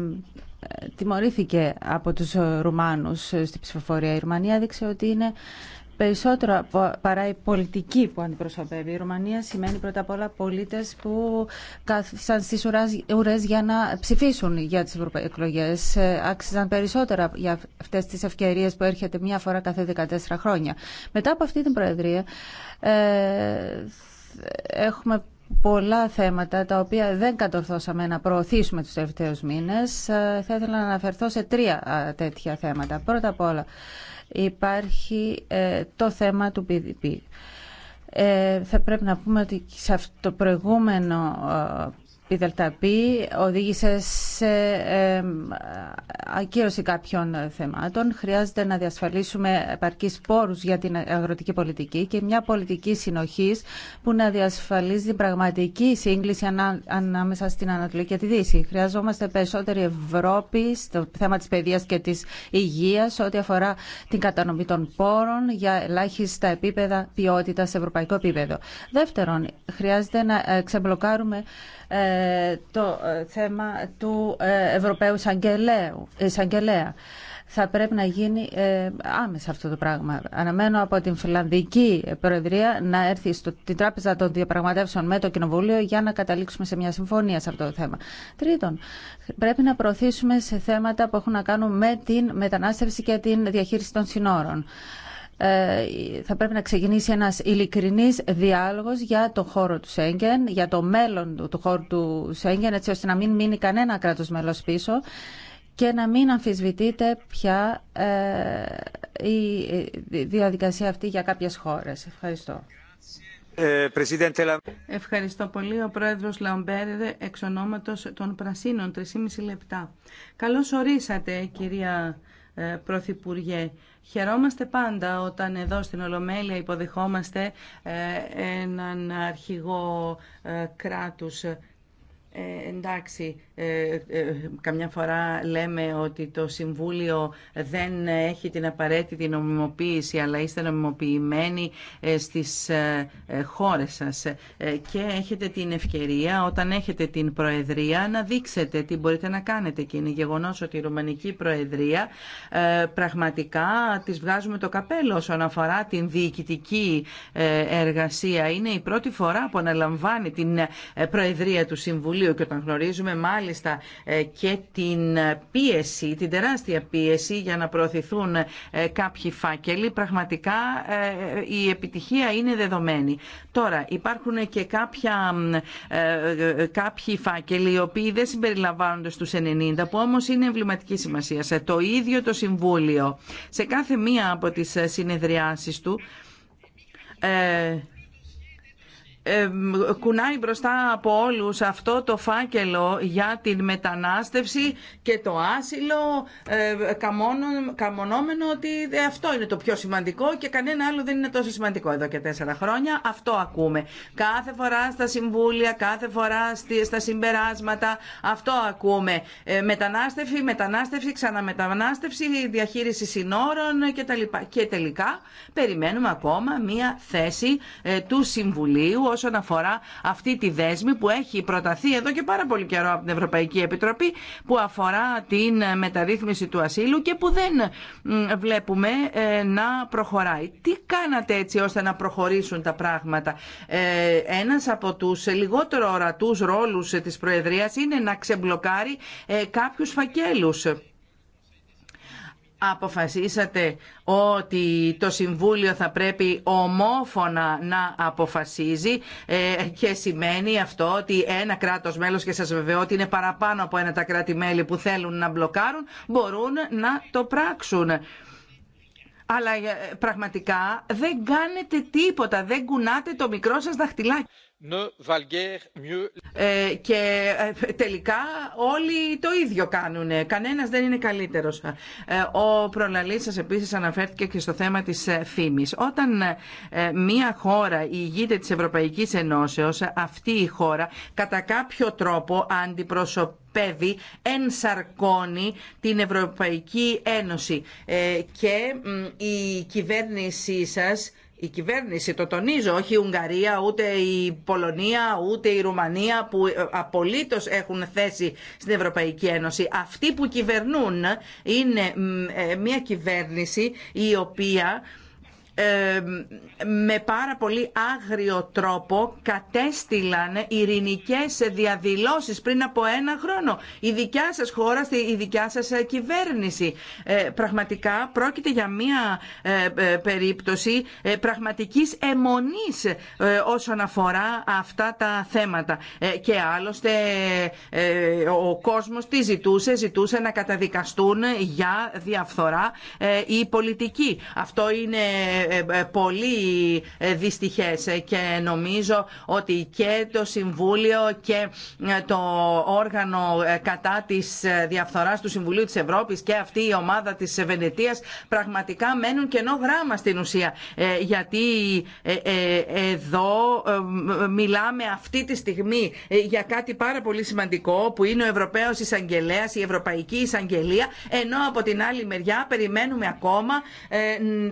τιμωρήθηκε από τους Ρουμάνους στη ψηφοφορία. Η Ρουμανία δείξε ότι είναι περισσότερο παρά η πολιτική που αντιπροσωπεύει. Η Ρουμανία σημαίνει πρώτα απ' όλα πολίτε που κάθισαν στι ουρέ για να ψηφίσουν για τι εκλογέ. Ε, άξιζαν περισσότερα για αυτέ τι ευκαιρίε που έρχεται μία φορά κάθε 14 χρόνια. Μετά από αυτή την Προεδρία, ε, έχουμε πολλά θέματα τα οποία δεν κατορθώσαμε να προωθήσουμε τους τελευταίους μήνες. Ε, θα ήθελα να αναφερθώ σε τρία τέτοια θέματα. Πρώτα απ' όλα υπάρχει ε, το θέμα του PDP. Ε, θα πρέπει να πούμε ότι σε αυτό το προηγούμενο η Δελταπή οδήγησε σε ακύρωση κάποιων θεμάτων. Χρειάζεται να διασφαλίσουμε επαρκεί πόρου για την αγροτική πολιτική και μια πολιτική συνοχής που να διασφαλίζει την πραγματική σύγκληση ανάμεσα στην Ανατολή και τη Δύση. Χρειαζόμαστε περισσότερη Ευρώπη στο θέμα της παιδείας και της υγείας ό,τι αφορά την κατανομή των πόρων για ελάχιστα επίπεδα ποιότητα σε ευρωπαϊκό επίπεδο. Δεύτερον, χρειάζεται να ε, ξεμπλοκάρουμε ε, το ε, θέμα του ε, Ευρωπαίου Εισαγγελέα. Θα πρέπει να γίνει ε, άμεσα αυτό το πράγμα. Αναμένω από την Φιλανδική Προεδρία να έρθει την Τράπεζα των Διαπραγματεύσεων με το Κοινοβούλιο για να καταλήξουμε σε μια συμφωνία σε αυτό το θέμα. Τρίτον, πρέπει να προωθήσουμε σε θέματα που έχουν να κάνουν με την μετανάστευση και την διαχείριση των συνόρων. Ε, θα πρέπει να ξεκινήσει ένας ειλικρινής διάλογος για το χώρο του Σέγγεν, για το μέλλον του χώρου του Σέγγεν, έτσι ώστε να μην μείνει κανένα κράτος μέλος πίσω και να μην αμφισβητείται πια ε, η διαδικασία αυτή για κάποιες χώρες. Ευχαριστώ. Ε, Ευχαριστώ πολύ. Ο πρόεδρος Λαμπέρ, εξ ονόματος των Πρασίνων, 3,5 λεπτά. Καλώς ορίσατε, κυρία Πρωθυπουργέ. Χαιρόμαστε πάντα όταν εδώ στην Ολομέλεια υποδεχόμαστε ε, έναν αρχηγό ε, κράτους. Ε, εντάξει, ε, ε, καμιά φορά λέμε ότι το Συμβούλιο δεν έχει την απαραίτητη νομιμοποίηση αλλά είστε νομιμοποιημένοι ε, στις ε, ε, χώρες σας και έχετε την ευκαιρία όταν έχετε την Προεδρία να δείξετε τι μπορείτε να κάνετε και είναι γεγονός ότι η Ρουμανική Προεδρία πραγματικά της βγάζουμε το καπέλο όσον αφορά την διοικητική εργασία. Είναι η πρώτη φορά που αναλαμβάνει την Προεδρία του Συμβουλίου και όταν γνωρίζουμε ε, και την πίεση, την τεράστια πίεση για να προωθηθούν ε, κάποιοι φάκελοι, πραγματικά ε, η επιτυχία είναι δεδομένη. Τώρα υπάρχουν και κάποια, κάποιοι φάκελοι οι οποίοι δεν συμπεριλαμβάνονται στους 90 που όμως είναι εμβληματική σημασία. Το ίδιο το Συμβούλιο σε κάθε μία από τις συνεδριάσεις του κουνάει μπροστά από όλους αυτό το φάκελο για την μετανάστευση και το άσυλο ε, καμονόμενο ότι ε, αυτό είναι το πιο σημαντικό και κανένα άλλο δεν είναι τόσο σημαντικό εδώ και τέσσερα χρόνια. Αυτό ακούμε. Κάθε φορά στα συμβούλια, κάθε φορά στα συμπεράσματα αυτό ακούμε. Ε, μετανάστευση, μετανάστευση, ξαναμετανάστευση, διαχείριση συνόρων κτλ. Και τελικά περιμένουμε ακόμα μία θέση του Συμβουλίου όσον αφορά αυτή τη δέσμη που έχει προταθεί εδώ και πάρα πολύ καιρό από την Ευρωπαϊκή Επιτροπή που αφορά την μεταρρύθμιση του ασύλου και που δεν βλέπουμε ε, να προχωράει. Τι κάνατε έτσι ώστε να προχωρήσουν τα πράγματα. Ε, ένας από τους λιγότερο ορατούς ρόλους της Προεδρίας είναι να ξεμπλοκάρει ε, κάποιους φακέλους αποφασίσατε ότι το Συμβούλιο θα πρέπει ομόφωνα να αποφασίζει ε, και σημαίνει αυτό ότι ένα κράτος μέλος και σας βεβαιώ ότι είναι παραπάνω από ένα τα κράτη-μέλη που θέλουν να μπλοκάρουν μπορούν να το πράξουν. Αλλά ε, πραγματικά δεν κάνετε τίποτα, δεν κουνάτε το μικρό σας δαχτυλάκι. Ε, και ε, τελικά όλοι το ίδιο κάνουν. Κανένας δεν είναι καλύτερος. Ε, ο προλαλή σα επίσης αναφέρθηκε και στο θέμα της φήμη. Όταν μία χώρα ηγείται της Ευρωπαϊκής Ενώσεω, αυτή η χώρα κατά κάποιο τρόπο αντιπροσωπεύει, ενσαρκώνει την Ευρωπαϊκή Ένωση. και η κυβέρνησή σας η κυβέρνηση, το τονίζω, όχι η Ουγγαρία, ούτε η Πολωνία, ούτε η Ρουμανία που ε, απολύτως έχουν θέση στην Ευρωπαϊκή Ένωση. Αυτοί που κυβερνούν είναι ε, μια κυβέρνηση η οποία με πάρα πολύ άγριο τρόπο κατέστηλαν ειρηνικέ διαδηλώσεις πριν από ένα χρόνο. Η δικιά σας χώρα, η δικιά σας ε, κυβέρνηση. Ε, πραγματικά πρόκειται για μια ε, περίπτωση πραγματικής αιμονής όσον αφορά αυτά τα θέματα. Και άλλωστε ο κόσμος τη ζητούσε, ζητούσε να καταδικαστούν για διαφθορά η πολιτικοί. Αυτό είναι ε, ε, πολύ δυστυχές και νομίζω ότι και το Συμβούλιο και ε, το όργανο κατά της διαφθοράς του Συμβουλίου της Ευρώπης και αυτή η ομάδα της Βενετίας πραγματικά μένουν κενό γράμμα στην ουσία γιατί εδώ μιλάμε αυτή τη στιγμή για κάτι πάρα πολύ σημαντικό που είναι ο Ευρωπαίος Εισαγγελέας, η Ευρωπαϊκή Εισαγγελία ενώ από την άλλη μεριά περιμένουμε ακόμα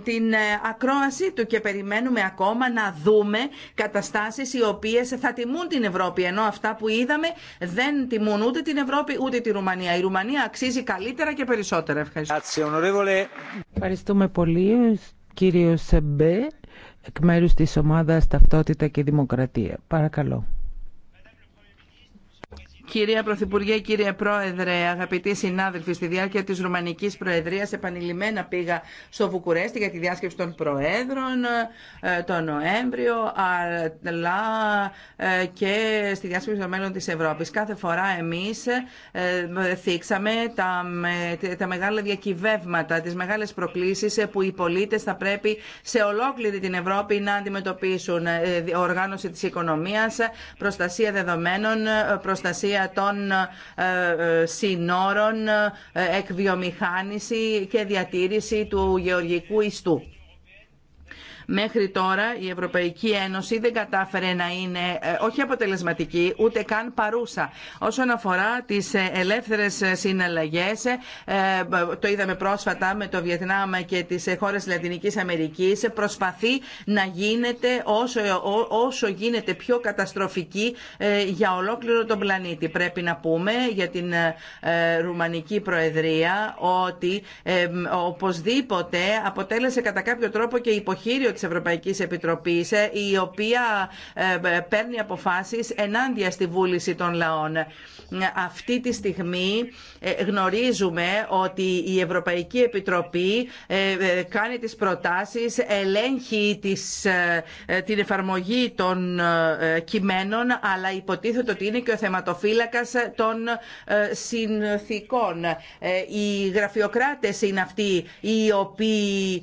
την ακρόασή του και περιμένουμε ακόμα να δούμε καταστάσεις οι οποίες θα τιμούν την Ευρώπη ενώ αυτά που είδαμε δεν τιμούν ούτε την Ευρώπη ούτε τη Ρουμανία. Η Ρουμανία αξίζει καλύτερα και περισσότερα. Ευχαριστώ. Ευχαριστούμε πολύ κύριο Σεμπέ εκ μέρους της ομάδας Ταυτότητα και Δημοκρατία. Παρακαλώ. Κυρία Πρωθυπουργέ, κύριε Πρόεδρε, αγαπητοί συνάδελφοι, στη διάρκεια της Ρουμανικής Προεδρία, επανειλημμένα πήγα στο Βουκουρέστι για τη διάσκεψη των Προέδρων ε, τον Νοέμβριο, αλλά ε, και στη διάσκεψη των μέλων της Ευρώπης. Κάθε φορά εμείς ε, θίξαμε τα, τα μεγάλα διακυβεύματα, τις μεγάλες προκλήσεις που οι πολίτε θα πρέπει σε ολόκληρη την Ευρώπη να αντιμετωπίσουν. Οργάνωση τη οικονομία, προστασία δεδομένων, προστασία των ε, ε, συνόρων, ε, εκβιομηχάνηση και διατήρηση του γεωργικού ιστού. Μέχρι τώρα η Ευρωπαϊκή Ένωση δεν κατάφερε να είναι ε, όχι αποτελεσματική ούτε καν παρούσα. Όσον αφορά τις ε, ελεύθερες ε, συναλλαγέ. το είδαμε πρόσφατα με το Βιετνάμ και τις χώρες Λατινική Αμερικής, προσπαθεί να γίνεται όσο, όσο γίνεται πιο καταστροφική για ολόκληρο τον πλανήτη. Πρέπει να πούμε για την Ρουμανική Προεδρία ότι οπωσδήποτε αποτέλεσε κατά κάποιο τρόπο και υποχείριο Τη Ευρωπαϊκή Επιτροπής ε, η οποία ε, ε, παίρνει αποφάσεις ενάντια στη βούληση των λαών. Αυτή τη στιγμή γνωρίζουμε ότι η Ευρωπαϊκή Επιτροπή κάνει τις προτάσεις, ελέγχει τις, την εφαρμογή των κειμένων, αλλά υποτίθεται ότι είναι και ο θεματοφύλακας των συνθήκων. Οι γραφειοκράτες είναι αυτοί οι οποίοι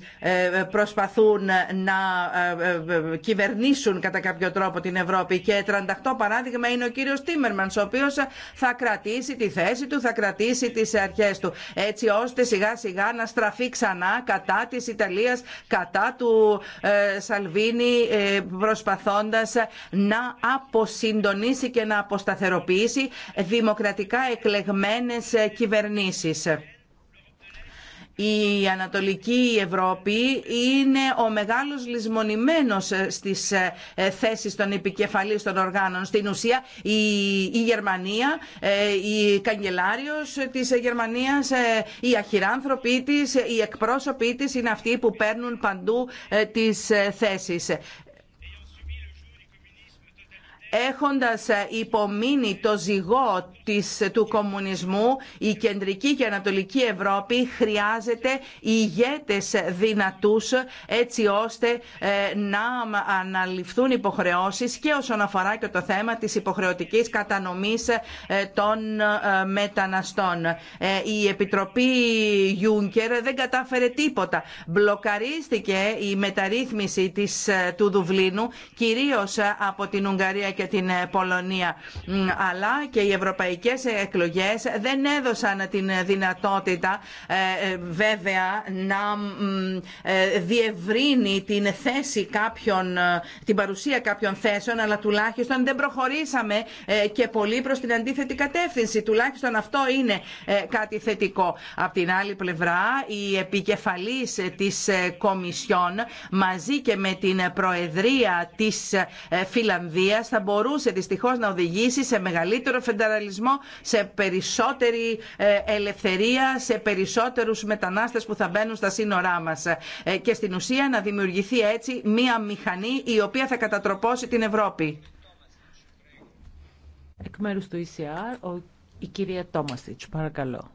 προσπαθούν να ε, ε, ε, κυβερνήσουν κατά κάποιο τρόπο την Ευρώπη. Και 38 παράδειγμα είναι ο κύριος Τίμερμαν ο οποίο θα κρατήσει τη θέση του, θα κρατήσει τις αρχές του, έτσι ώστε σιγά σιγά να στραφεί ξανά κατά της Ιταλίας, κατά του Σαλβίνη, προσπαθώντας να αποσυντονίσει και να αποσταθεροποιήσει δημοκρατικά εκλεγμένες κυβερνήσεις. Η Ανατολική Ευρώπη είναι ο μεγάλος λησμονημένος ε, στις ε, ε, θέσεις των επικεφαλής των οργάνων. Στην ουσία η Γερμανία, η καγκελάριος της Γερμανίας, οι αχυράνθρωποι της, οι εκπρόσωποι της είναι αυτοί που παίρνουν παντού τις θέσεις έχοντας ε, υπομείνει το ζυγό του κομμουνισμού, η κεντρική και ανατολική Ευρώπη χρειάζεται ηγέτες δυνατούς έτσι ώστε ε, να αναλυφθούν υποχρεώσεις και όσον αφορά και το θέμα της υποχρεωτικής κατανομής ε, των μεταναστών. Η Επιτροπή Juncker δεν κατάφερε τίποτα. Μπλοκαρίστηκε η μεταρρύθμιση της, του Δουβλίνου κυρίως από την Ουγγαρία και την ε, Πολωνία. Αλλά και οι ευρωπαϊκές εκλογές δεν έδωσαν την δυνατότητα ε, ε, βέβαια να διευρύνει την θέση κάποιων, την παρουσία κάποιων θέσεων, αλλά τουλάχιστον δεν προχωρήσαμε και πολύ προς την αντίθετη κατεύθυνση. Τουλάχιστον αυτό είναι κάτι θετικό. Απ' την άλλη πλευρά, η επικεφαλής της Κομισιόν μαζί και με την Προεδρία της Φιλανδίας θα μπορούσε δυστυχώ να οδηγήσει σε μεγαλύτερο φεντεραλισμό, σε περισσότερη ε, ελευθερία, σε περισσότερους μετανάστες που θα μπαίνουν στα σύνορά μα. Ε, και στην ουσία να δημιουργηθεί έτσι μία μηχανή η οποία θα κατατροπώσει την Ευρώπη. Εκ μέρου του ECR, η κυρία παρακαλώ.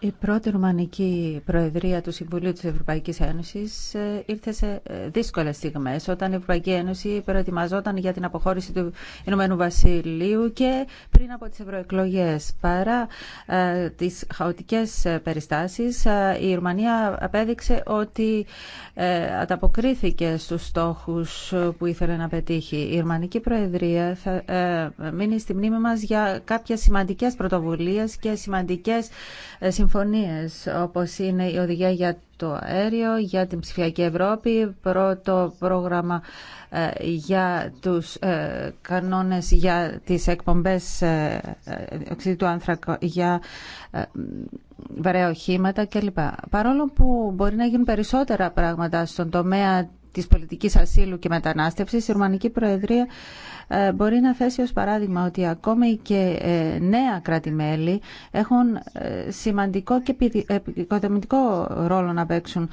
Η πρώτη Ρουμανική Προεδρία του Συμβουλίου της Ευρωπαϊκής Ένωσης ε, ήρθε σε ε, δύσκολες στιγμές όταν η Ευρωπαϊκή Ένωση προετοιμαζόταν για την αποχώρηση του Ηνωμένου Βασιλείου και πριν από τις ευρωεκλογέ. Παρά ε, τις χαοτικές ε, περιστάσεις η Ρουμανία απέδειξε ότι ε, ανταποκρίθηκε στους στόχους που ήθελε να πετύχει. Η Ρουμανική Προεδρία θα μείνει στη μνήμη μας για κάποιες σημαντικές πρωτοβουλίες και σημαντικές συμφωνίες όπως είναι η οδηγία για το αέριο, για την ψηφιακή Ευρώπη, πρώτο πρόγραμμα ε, για τους ε, κανόνες για τις εκπομπές ε, ε του άνθρακα για βαρέα οχήματα κλπ. Παρόλο που μπορεί να γίνουν περισσότερα πράγματα στον τομέα της πολιτικής ασύλου και μετανάστευσης, η Ρουμανική Προεδρία ε, μπορεί να θέσει ως παράδειγμα ότι ακόμη και ε, νέα κράτη-μέλη έχουν ε, σημαντικό και επικοδομητικό ρόλο να παίξουν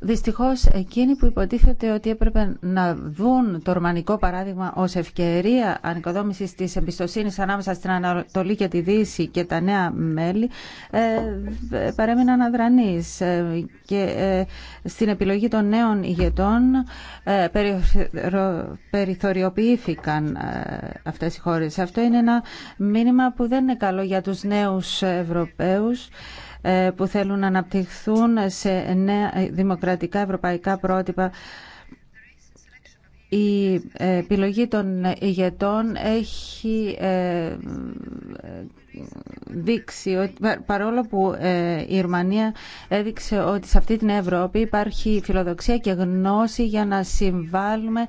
Δυστυχώς εκείνοι που υποτίθεται ότι έπρεπε να δουν το ορμανικό παράδειγμα ως ευκαιρία ανοικοδόμησης της εμπιστοσύνης ανάμεσα στην Ανατολή και τη Δύση και τα νέα μέλη ε, παρέμειναν αδρανείς ε, και ε, στην επιλογή των νέων ηγετών περιθωριοποιήθηκαν αυτές οι χώρες. Αυτό είναι ένα μήνυμα που δεν είναι καλό για τους νέους Ευρωπαίους ε, που θέλουν να αναπτυχθούν σε νέα ε, δημοκρατικά ευρωπαϊκά πρότυπα η ε, επιλογή των ηγετών έχει δείξει, παρόλο που ε, η Ιρμανία έδειξε ότι σε αυτή την Ευρώπη υπάρχει φιλοδοξία και γνώση για να συμβάλλουμε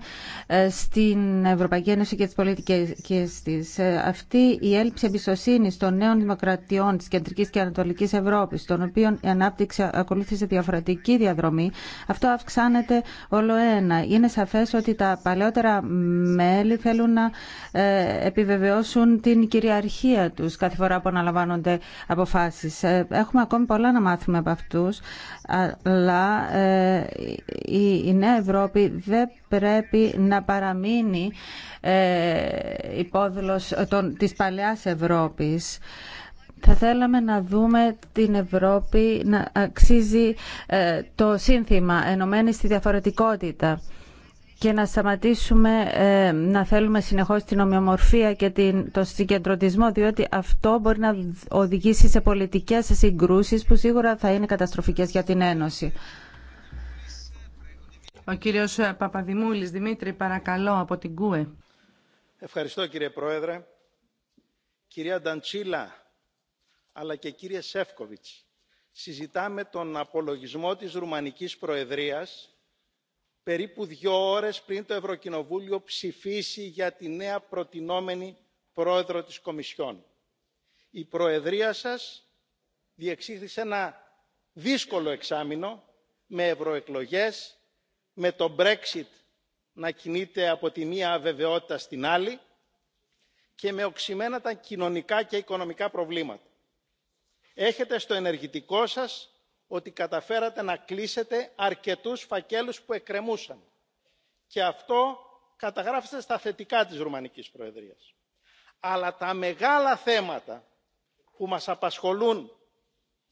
ε, στην Ευρωπαϊκή Ένωση και τις πολιτικές της. Ε, αυτή η έλλειψη εμπιστοσύνη των νέων δημοκρατιών της Κεντρικής και Ανατολικής Ευρώπης, των οποίων η ανάπτυξη ακολούθησε διαφορετική διαδρομή, αυτό αυξάνεται όλο ένα. Είναι σαφές ότι τα παλαιότερα μέλη θέλουν να επιβεβαιώσουν την κυριαρχία τους φορά που αναλαμβάνονται αποφάσεις. Ε, έχουμε ακόμη πολλά να μάθουμε από αυτούς, αλλά ε, η Νέα Ευρώπη δεν πρέπει να παραμείνει ε, υπόδουλο της παλιάς Ευρώπης. Θα θέλαμε να δούμε την Ευρώπη να αξίζει το σύνθημα ενωμένη στη διαφορετικότητα και να σταματήσουμε ε, να θέλουμε συνεχώς την ομοιομορφία και την, τον συγκεντρωτισμό διότι αυτό μπορεί να οδηγήσει σε πολιτικές συγκρούσεις που σίγουρα θα είναι καταστροφικές για την Ένωση. Ο κύριος Παπαδημούλης Δημήτρη παρακαλώ από την κούε. Ευχαριστώ κύριε Πρόεδρε. Κυρία Νταντσίλα αλλά και κύριε Σεύκοβιτς συζητάμε τον απολογισμό της Ρουμανικής Προεδρίας περίπου δύο ώρες πριν το ευρωκοινοβούλιο ψηφίσει για τη νέα προτινόμενη πρόεδρο της κομισιόν. η προεδρία σας διεξήχθη ένα δύσκολο εξάμεινο με ευρωεκλογές με το brexit να κινείται από τη μία αβεβαιότητα στην άλλη και με οξυμένα τα κοινωνικά και οικονομικά προβλήματα. έχετε στο ενεργητικό σας ότι καταφέρατε να κλείσετε αρκετούς φακέλους που εκκρεμούσαν και αυτό καταγράφεται στα θετικά της Ρουμανικής Προεδρίας. Αλλά τα μεγάλα θέματα που μας απασχολούν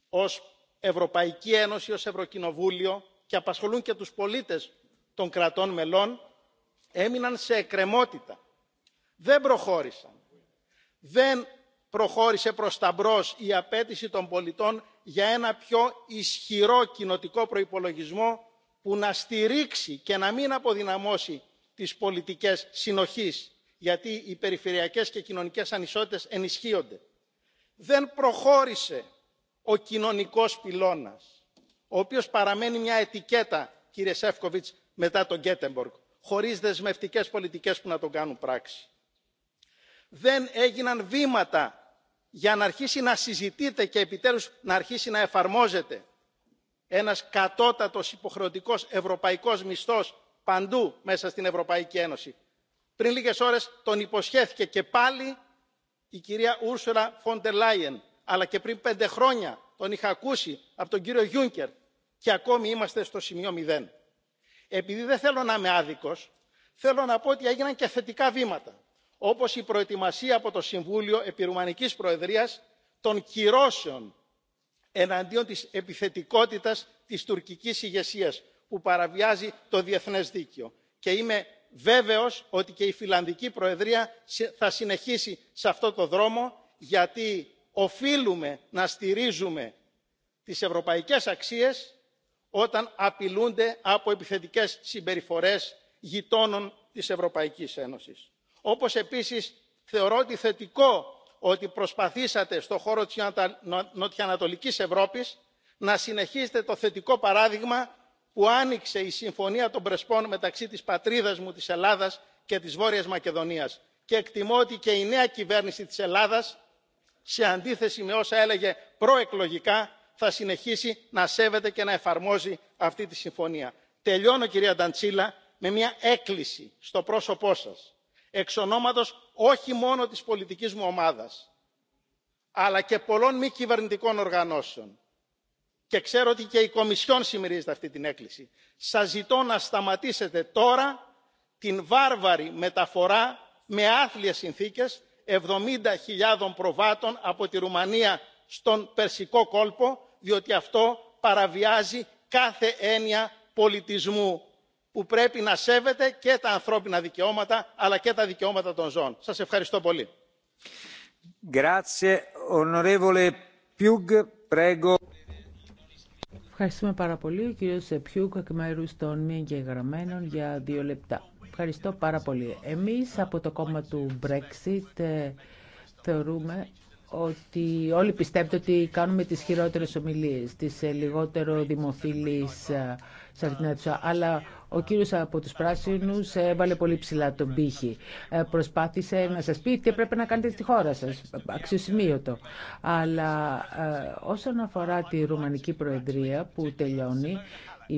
ως Ευρωπαϊκή Ένωση, ως Ευρωκοινοβούλιο και απασχολούν και τους πολίτες των κρατών μελών έμειναν σε εκκρεμότητα. Δεν προχώρησαν. Δεν προχώρησε προς τα μπρος η απέτηση των πολιτών για ένα πιο ισχυρό κοινοτικό προϋπολογισμό που να στηρίξει και να μην αποδυναμώσει τις πολιτικές συνοχής γιατί οι περιφερειακές και κοινωνικές ανισότητες ενισχύονται. Δεν προχώρησε ο κοινωνικός πυλώνας ο οποίος παραμένει μια ετικέτα κύριε Σεύκοβιτς μετά τον Γκέτεμποργκ... χωρίς δεσμευτικές πολιτικές που να τον κάνουν πράξη. Δεν έγιναν βήματα για να αρχίσει να συζητείται και επιτέλους να αρχίσει να εφαρμόζεται ένας κατώτατος υποχρεωτικός ευρωπαϊκός μισθός παντού μέσα στην Ευρωπαϊκή Ένωση. Πριν λίγες ώρες τον υποσχέθηκε και πάλι η κυρία Ούρσουλα Φόντερ Λάιεν, αλλά και πριν πέντε χρόνια τον είχα ακούσει από τον κύριο Γιούνκερ και ακόμη είμαστε στο σημείο μηδέν. Επειδή δεν θέλω να είμαι άδικος, θέλω να πω ότι έγιναν και θετικά βήματα όπως η προετοιμασία από το συμβούλιο επί προεδρίας των κυρώσεων εναντίον της επιθετικότητας της τουρκικής ηγεσίας που παραβιάζει το διεθνές δίκαιο και είμαι βέβαιος ότι και η φιλανδική προεδρία θα συνεχίσει σε αυτό το δρόμο γιατί οφείλουμε να στηρίζουμε τις ευρωπαϊκές αξίες όταν απειλούνται από επιθετικές συμπεριφορές γειτόνων της ευρωπαϊκής ένωσης όπως επίσης θεωρώ ότι θετικό ότι προσπαθήσατε στον χώρο της νοτιοανατολικής ευρώπης να συνεχίσετε το θετικό παράδειγμα που άνοιξε η συμφωνία των πρεσπών μεταξύ της πατρίδας μου της ελλάδας και της βόρειας μακεδονίας και εκτιμώ ότι και η νέα κυβέρνηση της ελλάδας σε αντίθεση με όσα έλεγε προεκλογικά θα συνεχίσει να σέβεται και να εφαρμόζει αυτή τη συμφωνία. τελειώνω κυρία νταντσίλα με μια έκκληση στο πρόσωπό σας εξ ονόματος όχι μόνο της πολιτικής μου ομάδας αλλά και πολλών μη κυβερνητικών οργανώσεων και ξέρω ότι και η Κομισιόν συμμερίζεται αυτή την έκκληση. Σας ζητώ να σταματήσετε τώρα την βάρβαρη μεταφορά με άθλιες συνθήκες 70.000 προβάτων από τη Ρουμανία στον Περσικό κόλπο, διότι αυτό παραβιάζει κάθε έννοια πολιτισμού που πρέπει να σέβεται και τα ανθρώπινα δικαιώματα αλλά και τα δικαιώματα των ζώων. Σας ευχαριστώ πολύ. Ευχαριστούμε πάρα πολύ. Ο κύριος εκ μέρους των μη εγγεγραμμένων, για δύο λεπτά. Ευχαριστώ πάρα πολύ. Εμείς από το κόμμα του Brexit ε, θεωρούμε ότι όλοι πιστεύετε ότι κάνουμε τις χειρότερες ομιλίες, τις ε, λιγότερο δημοφιλείς ε, σε αυτήν την αίθουσα, αλλά ο κύριος από τους πράσινους έβαλε πολύ ψηλά τον πύχη. Ε, προσπάθησε να σας πει τι πρέπει να κάνετε στη χώρα σας. Αξιοσημείωτο. Αλλά ε, όσον αφορά τη Ρουμανική Προεδρία που τελειώνει,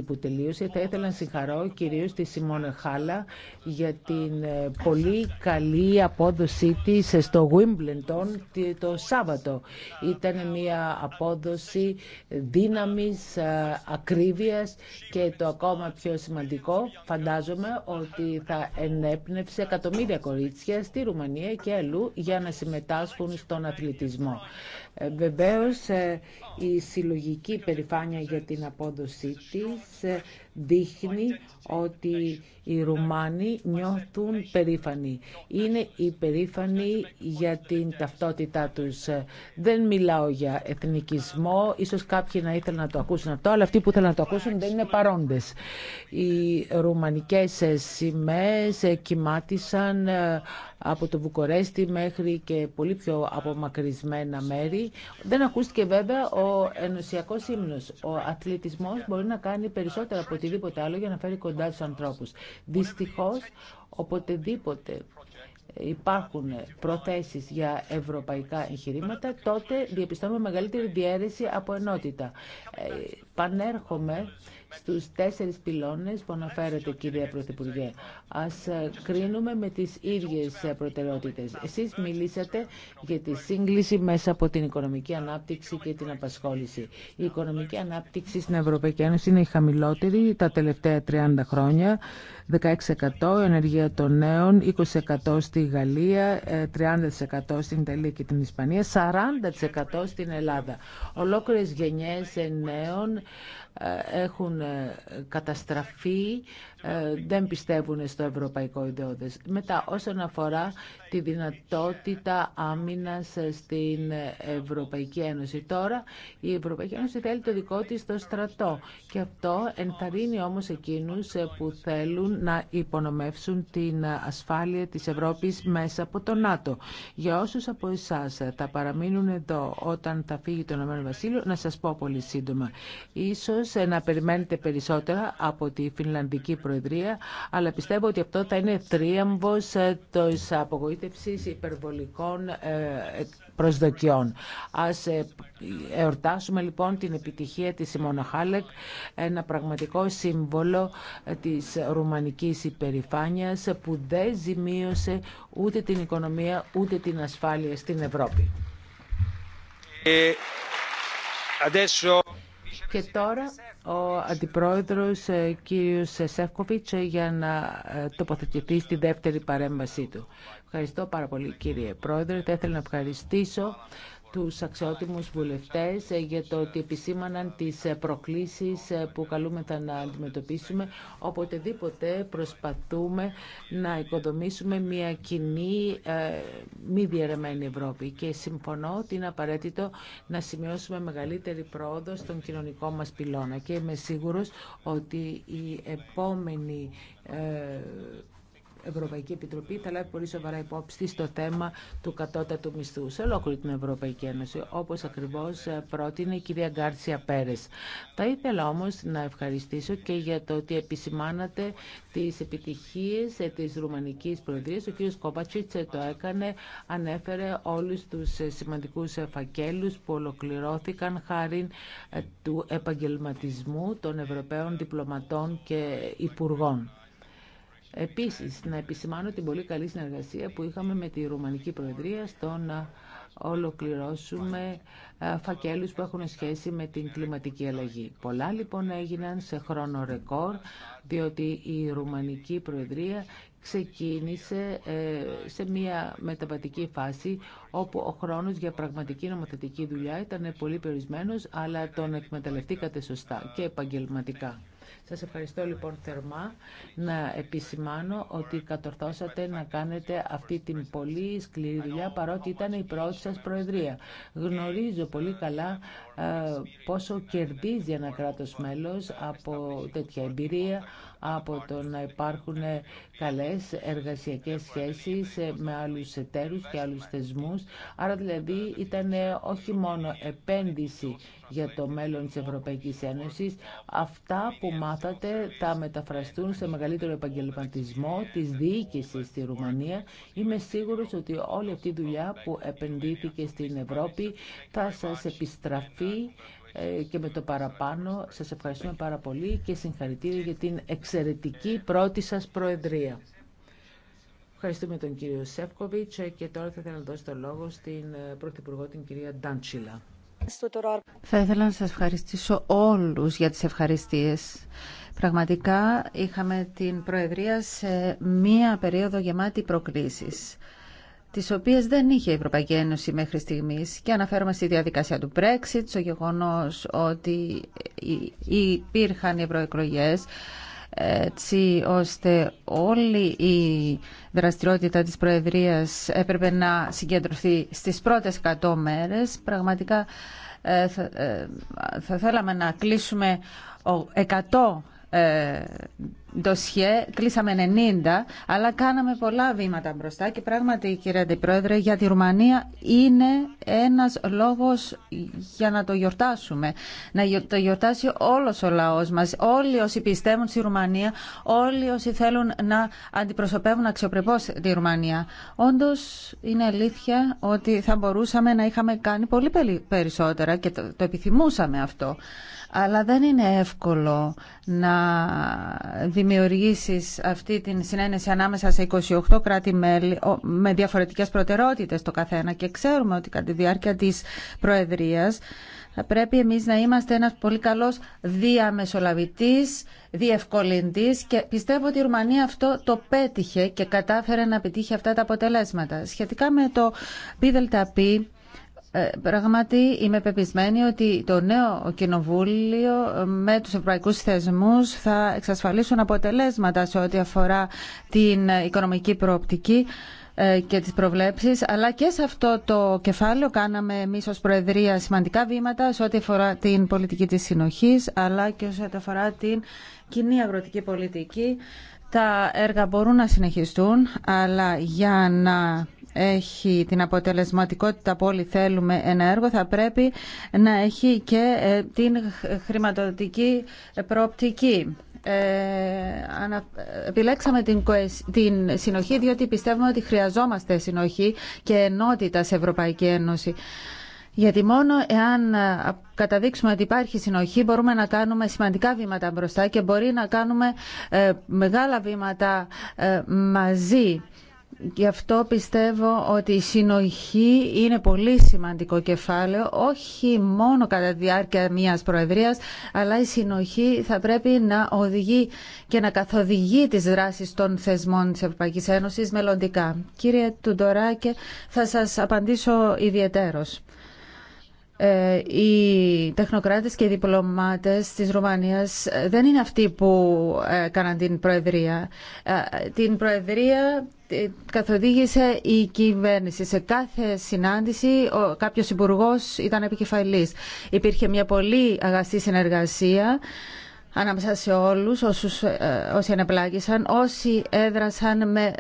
που τελείωσε. Θα ήθελα να συγχαρώ κυρίως τη Σιμώνα Χάλα για την ε, πολύ καλή απόδοσή της στο Wimbledon το Σάββατο. Ήταν μια απόδοση δύναμης, ε, ακρίβειας και το ακόμα πιο σημαντικό φαντάζομαι ότι θα ενέπνευσε εκατομμύρια κορίτσια στη Ρουμανία και αλλού για να συμμετάσχουν στον αθλητισμό. Ε, βεβαίως ε, η συλλογική περηφάνεια για την απόδοσή της ε, δείχνει ότι οι Ρουμάνοι νιώθουν περήφανοι. Είναι υπερήφανοι για την ταυτότητά τους. Δεν μιλάω για εθνικισμό, ίσως κάποιοι να ήθελαν να το ακούσουν αυτό, αλλά αυτοί που ήθελαν να το ακούσουν δεν είναι παρόντες. Οι ρουμανικές σημαίες κοιμάτισαν ε, από το Βουκορέστι μέχρι και πολύ πιο απομακρυσμένα μέρη. Δεν ακούστηκε βέβαια ο ενωσιακός ύμνος. Ο αθλητισμός μπορεί να κάνει περισσότερα από οτιδήποτε άλλο για να φέρει κοντά τους ανθρώπους. Δυστυχώς, οποτεδήποτε υπάρχουν προθέσεις για ευρωπαϊκά εγχειρήματα, τότε διαπιστώνουμε μεγαλύτερη διαίρεση από ενότητα. Ε, πανέρχομαι στους τέσσερις πυλώνες που αναφέρεται, κυρία Πρωθυπουργέ. Ας ε, κρίνουμε με τις ίδιες ε, προτεραιότητες. Εσείς μιλήσατε για τη σύγκληση μέσα από την οικονομική ανάπτυξη και την απασχόληση. Η οικονομική ανάπτυξη στην Ευρωπαϊκή Ένωση είναι η χαμηλότερη τα τελευταία 30 χρόνια. 16% ενεργεία των νέων, 20% στη Γαλλία, 30% ε, στην Ιταλία και την Ισπανία, 40% στην Ελλάδα. Ολόκληρες γενιές νέων έχουν ε, καταστραφεί ε, δεν πιστεύουν στο ευρωπαϊκό ιδεώδες. Μετά, όσον αφορά τη δυνατότητα άμυνας στην Ευρωπαϊκή Ένωση. Τώρα η Ευρωπαϊκή Ένωση θέλει το δικό της το στρατό και αυτό ενθαρρύνει όμως εκείνους που θέλουν να υπονομεύσουν την ασφάλεια της Ευρώπης μέσα από το ΝΑΤΟ. Για όσους από εσάς θα παραμείνουν εδώ όταν θα φύγει το Ηνωμένο Βασίλειο, να σας πω πολύ σύντομα. Ίσως να περιμένετε περισσότερα από τη Φινλανδική αλλά πιστεύω ότι αυτό θα είναι τρίαμβος ε, της απογοήτευσης υπερβολικών ε, ε, προσδοκιών. Ας εορτάσουμε λοιπόν την επιτυχία της Σιμώνα Χάλεκ, ένα πραγματικό σύμβολο της ρουμανικής υπερηφάνειας που δεν ζημίωσε ούτε την οικονομία ούτε την ασφάλεια στην Ευρώπη. adesso... Και τώρα ο Αντιπρόεδρος ε, κύριος Σεύκοβιτς ε, για να ε, τοποθετηθεί στη δεύτερη παρέμβασή του. Ευχαριστώ πάρα πολύ κύριε Πρόεδρε. Θα ήθελα να ευχαριστήσω τους αξιότιμους βουλευτές ε, για το ότι επισήμαναν τις ε, προκλήσεις ε, που καλούμεθα να αντιμετωπίσουμε οποτεδήποτε προσπαθούμε να οικοδομήσουμε μια κοινή μη διαιρεμένη Ευρώπη και συμφωνώ ότι είναι απαραίτητο να σημειώσουμε μεγαλύτερη πρόοδο στον κοινωνικό μας πυλώνα και είμαι σίγουρος ότι η επόμενη Ευρωπαϊκή Επιτροπή θα λάβει πολύ σοβαρά υπόψη στο θέμα του κατώτατου μισθού σε ολόκληρη την Ευρωπαϊκή Ένωση, Όπω ακριβώ πρότεινε η κυρία Γκάρσια Πέρε. Θα ήθελα όμω να ευχαριστήσω και για το ότι επισημάνατε τι επιτυχίε τη Ρουμανική Προεδρία. Ο κύριο Κόπατσιτ το έκανε, ανέφερε όλου του σημαντικού φακέλου που ολοκληρώθηκαν χάρη του επαγγελματισμού των Ευρωπαίων διπλωματών και υπουργών. Επίσης, να επισημάνω την πολύ καλή συνεργασία που είχαμε με τη Ρουμανική Προεδρία στο να ολοκληρώσουμε ε, φακέλους που έχουν σχέση με την κλιματική αλλαγή. Πολλά λοιπόν έγιναν σε χρόνο ρεκόρ, διότι η Ρουμανική Προεδρία ξεκίνησε ε, σε μια μεταβατική φάση όπου ο χρόνος για πραγματική νομοθετική δουλειά ήταν πολύ περιορισμένος αλλά τον εκμεταλλευτήκατε σωστά και επαγγελματικά. Σας ευχαριστώ λοιπόν θερμά να επισημάνω ότι κατορθώσατε να κάνετε αυτή την πολύ σκληρή δουλειά παρότι ήταν η πρώτη σας προεδρία. Γνωρίζω πολύ καλά ε, πόσο κερδίζει ένα κράτος μέλος από τέτοια εμπειρία, από το να υπάρχουν καλές εργασιακές σχέσεις με άλλους εταίρους και άλλους θεσμούς. Άρα δηλαδή ήταν ε, όχι μόνο επένδυση για το μέλλον της Ευρωπαϊκής Ένωσης. Αυτά που μάθατε θα μεταφραστούν σε μεγαλύτερο επαγγελματισμό της διοίκηση στη Ρουμανία. Είμαι σίγουρος ότι όλη αυτή η δουλειά που επενδύθηκε στην Ευρώπη θα σας επιστραφεί ε, και με το παραπάνω. Σας ευχαριστούμε πάρα πολύ και συγχαρητήρια για την εξαιρετική πρώτη σας προεδρία. Ευχαριστούμε τον κύριο Σεύκοβιτς και τώρα θα ήθελα να δώσω το λόγο στην ε, Πρωθυπουργό την κυρία Ντάντσιλα. Θα ήθελα να σας ευχαριστήσω όλους για τις ευχαριστίες. Πραγματικά είχαμε την Προεδρία σε μία περίοδο γεμάτη προκλήσεις τις οποίες δεν είχε η Ευρωπαϊκή Ένωση μέχρι στιγμή και αναφέρομαι στη διαδικασία του Brexit, στο γεγονό ότι υπήρχαν οι ευρωεκλογέ, έτσι ώστε όλη η δραστηριότητα της Προεδρίας έπρεπε να συγκεντρωθεί στις πρώτες 100 μέρες. Πραγματικά ε, ε, θα, θέλαμε να κλείσουμε 100 ντοσιέ, κλείσαμε 90, αλλά κάναμε πολλά βήματα μπροστά και πράγματι, κύριε Αντιπρόεδρε, για τη Ρουμανία είναι ένας λόγος για να το γιορτάσουμε. Να το γιορτάσει όλος ο λαός μας, όλοι όσοι πιστεύουν στη Ρουμανία, όλοι όσοι θέλουν να αντιπροσωπεύουν αξιοπρεπώς τη Ρουμανία. Όντως, είναι αλήθεια ότι θα μπορούσαμε να είχαμε κάνει πολύ περισσότερα και το επιθυμούσαμε αυτό αλλά δεν είναι εύκολο να δημιουργήσεις αυτή την συνένεση ανάμεσα σε 28 κράτη-μέλη με διαφορετικές προτεραιότητες το καθένα και ξέρουμε ότι κατά τη διάρκεια της Προεδρίας θα πρέπει εμείς να είμαστε ένας πολύ καλός διαμεσολαβητής, διευκολυντής και πιστεύω ότι η Ρουμανία αυτό το πέτυχε και κατάφερε να πετύχει αυτά τα αποτελέσματα. Σχετικά με το ΠΔΠ, ε, πράγματι είμαι πεπισμένη ότι το νέο κοινοβούλιο ε, με τους ευρωπαϊκούς θεσμούς θα εξασφαλίσουν αποτελέσματα σε ό,τι αφορά την ε, οικονομική προοπτική και τις προβλέψεις, αλλά και σε αυτό το κεφάλαιο κάναμε εμείς ως Προεδρία σημαντικά βήματα σε ό,τι αφορά την πολιτική της συνοχής, αλλά και σε ό,τι αφορά την κοινή αγροτική πολιτική. Τα έργα μπορούν να συνεχιστούν, αλλά για να έχει την αποτελεσματικότητα που όλοι θέλουμε ένα έργο θα πρέπει να έχει και ε, την χρηματοδοτική προοπτική. Ε, επιλέξαμε την συνοχή διότι πιστεύουμε ότι χρειαζόμαστε συνοχή και ενότητα σε Ευρωπαϊκή Ένωση. Γιατί μόνο εάν ε, καταδείξουμε ότι υπάρχει συνοχή μπορούμε να κάνουμε σημαντικά βήματα μπροστά και μπορεί να κάνουμε μεγάλα βήματα μαζί. Γι' αυτό πιστεύω ότι η συνοχή είναι πολύ σημαντικό κεφάλαιο, όχι μόνο κατά τη διάρκεια μιας προεδρίας, αλλά η συνοχή θα πρέπει να οδηγεί και να καθοδηγεί τις δράσεις των θεσμών της Ευρωπαϊκής Ένωσης μελλοντικά. Κύριε Τουντοράκε, θα σας απαντήσω ιδιαιτέρως. Ε, οι τεχνοκράτες και οι διπλωμάτες της Ρουμανίας ε, δεν είναι αυτοί που ε, κάναν την Προεδρία. Την Προεδρία καθοδήγησε η κυβέρνηση. Σε κάθε συνάντηση ο, κάποιος υπουργός ήταν επικεφαλής. Υπήρχε μια πολύ αγαστή συνεργασία ανάμεσα σε όλους όσους, όσοι ανεπλάγησαν, όσοι έδρασαν με,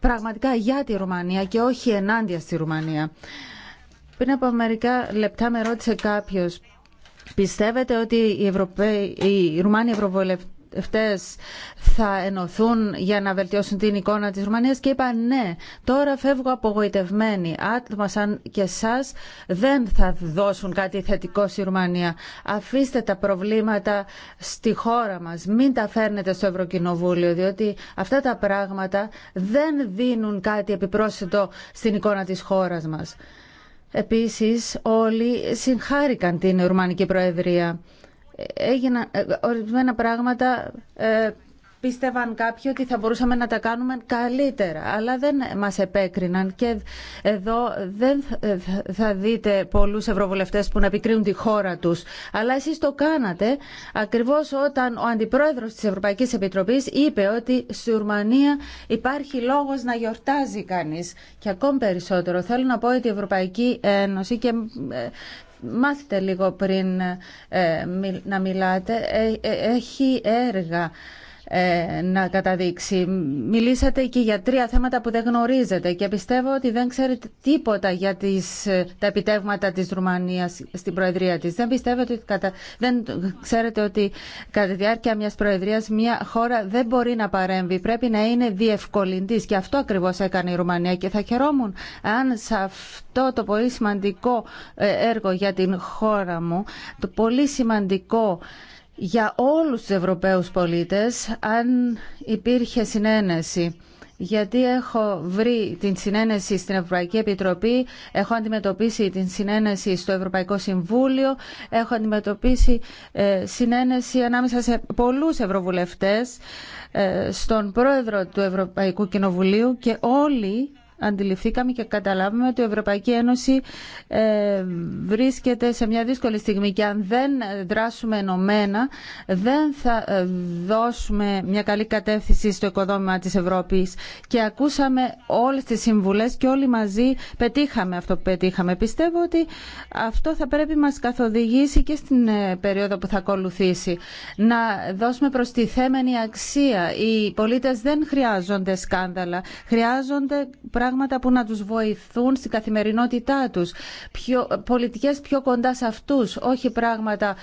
πραγματικά για τη Ρουμανία και όχι ενάντια στη Ρουμανία. Πριν από μερικά λεπτά με ρώτησε κάποιο, πιστεύετε ότι οι, Ευρωπαίοι, οι Ρουμάνοι Ευρωβουλευτέ θα ενωθούν για να βελτιώσουν την εικόνα της Ρουμανίας και είπα ναι, τώρα φεύγω απογοητευμένη. Άτομα σαν και εσάς δεν θα δώσουν κάτι θετικό στη Ρουμανία. Αφήστε τα προβλήματα στη χώρα μας. Μην τα φέρνετε στο Ευρωκοινοβούλιο, διότι αυτά τα πράγματα δεν δίνουν κάτι επιπρόσθετο στην εικόνα της χώρας μας. Επίσης όλοι συγχάρηκαν την Ρουμανική Προεδρία έγιναν ε, ορισμένα πράγματα ε, Πίστευαν κάποιοι ότι θα μπορούσαμε να τα κάνουμε καλύτερα, αλλά δεν μας επέκριναν και εδώ δεν θα δείτε πολλούς ευρωβουλευτές που να επικρίνουν τη χώρα τους. Αλλά εσείς το κάνατε ακριβώς όταν ο Αντιπρόεδρος της Ευρωπαϊκής Επιτροπής είπε ότι στη Ουρμανία υπάρχει λόγος να γιορτάζει κανείς. Και ακόμη περισσότερο θέλω να πω ότι η Ευρωπαϊκή Ένωση και ε, μάθετε λίγο πριν ε, να μιλάτε, ε, έχει έργα ε, να καταδείξει. Μιλήσατε και για τρία θέματα που δεν γνωρίζετε και πιστεύω ότι δεν ξέρετε τίποτα για τις, ε, τα επιτεύγματα της Ρουμανίας στην Προεδρία της. Δεν ότι δεν ξέρετε ότι κατά τη διάρκεια μιας Προεδρίας μια χώρα δεν μπορεί να παρέμβει. Πρέπει να είναι διευκολυντής και αυτό ακριβώς έκανε η Ρουμανία και θα χαιρόμουν αν σε αυτό το πολύ σημαντικό ε, έργο για την χώρα μου, το πολύ σημαντικό για όλους τους Ευρωπαίους πολίτες αν υπήρχε συνένεση γιατί έχω βρει την συνένεση στην Ευρωπαϊκή Επιτροπή, έχω αντιμετωπίσει την συνένεση στο Ευρωπαϊκό Συμβούλιο, έχω αντιμετωπίσει ε, συνένεση ανάμεσα σε πολλούς ευρωβουλευτές, ε, στον πρόεδρο του Ευρωπαϊκού Κοινοβουλίου και όλοι αντιληφθήκαμε και καταλάβουμε ότι η Ευρωπαϊκή Ένωση ε, βρίσκεται σε μια δύσκολη στιγμή και αν δεν δράσουμε ενωμένα δεν θα ε, δώσουμε μια καλή κατεύθυνση στο οικοδόμημα της Ευρώπης και ακούσαμε όλες τις συμβουλές και όλοι μαζί πετύχαμε αυτό που πετύχαμε. Πιστεύω ότι αυτό θα πρέπει μας καθοδηγήσει και στην ε, περίοδο που θα ακολουθήσει. Να δώσουμε προστιθέμενη αξία. Οι πολίτες δεν χρειάζονται σκάνδαλα, χρειάζονται πράγματα που να τους βοηθούν στην καθημερινότητά τους. Πιο, πολιτικές πιο κοντά σε αυτούς, όχι πράγματα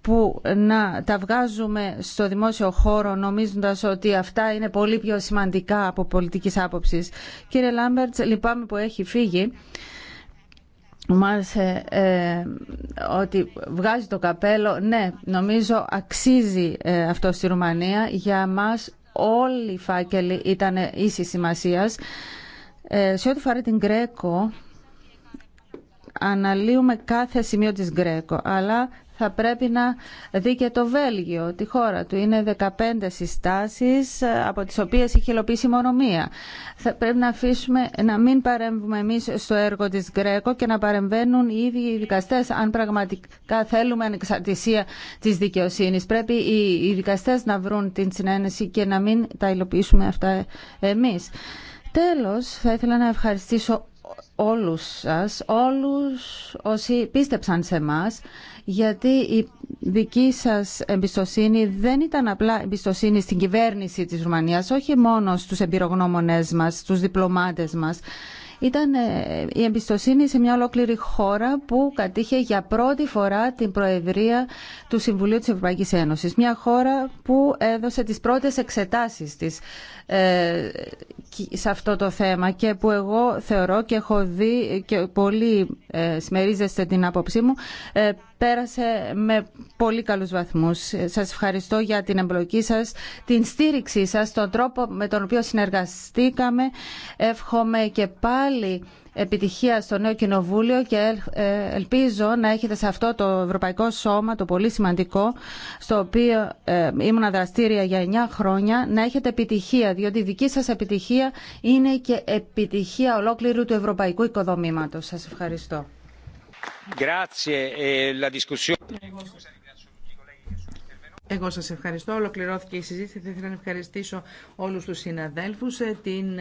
που να τα βγάζουμε στο δημόσιο χώρο νομίζοντας ότι αυτά είναι πολύ πιο σημαντικά από πολιτικής άποψης. Κύριε Λάμπερτς, λυπάμαι που έχει φύγει. Ε, ε, ότι βγάζει το καπέλο. Ναι, νομίζω αξίζει ε, αυτό στη Ρουμανία. Για μας όλοι οι φάκελοι ήταν ίση σημασίας. Ε, σε ό,τι φορά την Γκρέκο, αναλύουμε κάθε σημείο της Γκρέκο, αλλά θα πρέπει να δει και το Βέλγιο, τη χώρα του. Είναι 15 συστάσεις, ε, από τις οποίες έχει υλοποιήσει μόνο μία. Θα πρέπει να αφήσουμε να μην παρέμβουμε εμείς στο έργο της Γκρέκο και να παρεμβαίνουν οι ίδιοι οι δικαστές, αν πραγματικά θέλουμε ανεξαρτησία της δικαιοσύνης. Πρέπει οι δικαστές να βρουν την συνένεση και να μην τα υλοποιήσουμε αυτά εμείς. Τέλος, θα ήθελα να ευχαριστήσω όλους σας, όλους όσοι πίστεψαν σε μας, γιατί η δική σας εμπιστοσύνη δεν ήταν απλά εμπιστοσύνη στην κυβέρνηση της Ρουμανίας, όχι μόνο στους εμπειρογνώμονές μας, στους διπλωμάτες μας. Ήταν ε, η εμπιστοσύνη σε μια ολόκληρη χώρα που κατήχε για πρώτη φορά την Προεδρία του Συμβουλίου της Ευρωπαϊκής Ένωσης. Μια χώρα που έδωσε τις πρώτες εξετάσεις της ε, σε αυτό το θέμα και που εγώ θεωρώ και έχω δει και πολύ ε, συμμερίζεστε την άποψή μου ε, πέρασε με πολύ καλούς βαθμούς. Σας ευχαριστώ για την εμπλοκή σας, την στήριξή σας, τον τρόπο με τον οποίο συνεργαστήκαμε. Εύχομαι και πάλι επιτυχία στο νέο κοινοβούλιο και ε, ελπίζω να έχετε σε αυτό το Ευρωπαϊκό Σώμα, το πολύ σημαντικό, στο οποίο ε, ήμουν δραστήρια για 9 χρόνια, να έχετε επιτυχία, διότι η δική σας επιτυχία είναι και επιτυχία ολόκληρου του ευρωπαϊκού οικοδομήματος. Σας ευχαριστώ. Ε, εγώ σας ευχαριστώ. Ολοκληρώθηκε η συζήτηση. Θα ήθελα να ευχαριστήσω όλους τους συναδέλφους, ε, την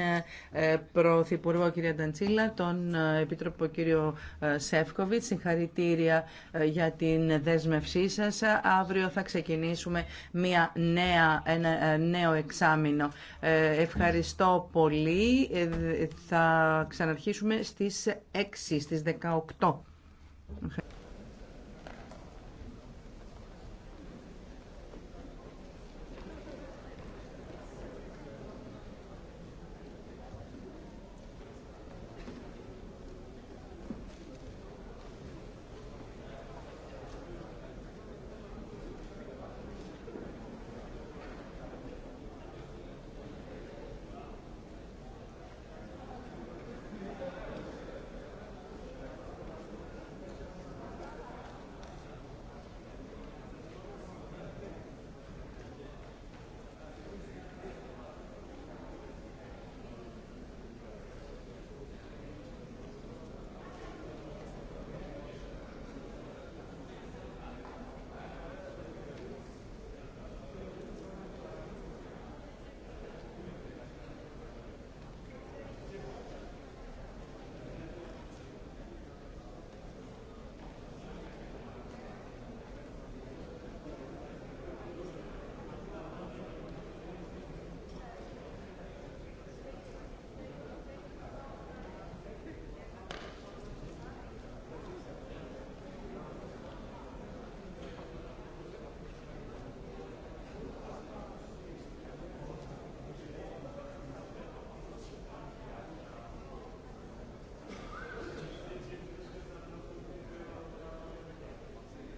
ε, Πρωθυπουργό κυρία Νταντσίλα, τον ε, Επίτροπο κύριο Σεύκοβιτ, συγχαρητήρια για την δέσμευσή σας. Αύριο θα ξεκινήσουμε μια νέα, ένα νέο εξάμεινο. Ευχαριστώ πολύ. Θα ξαναρχίσουμε στις 6, στις 18.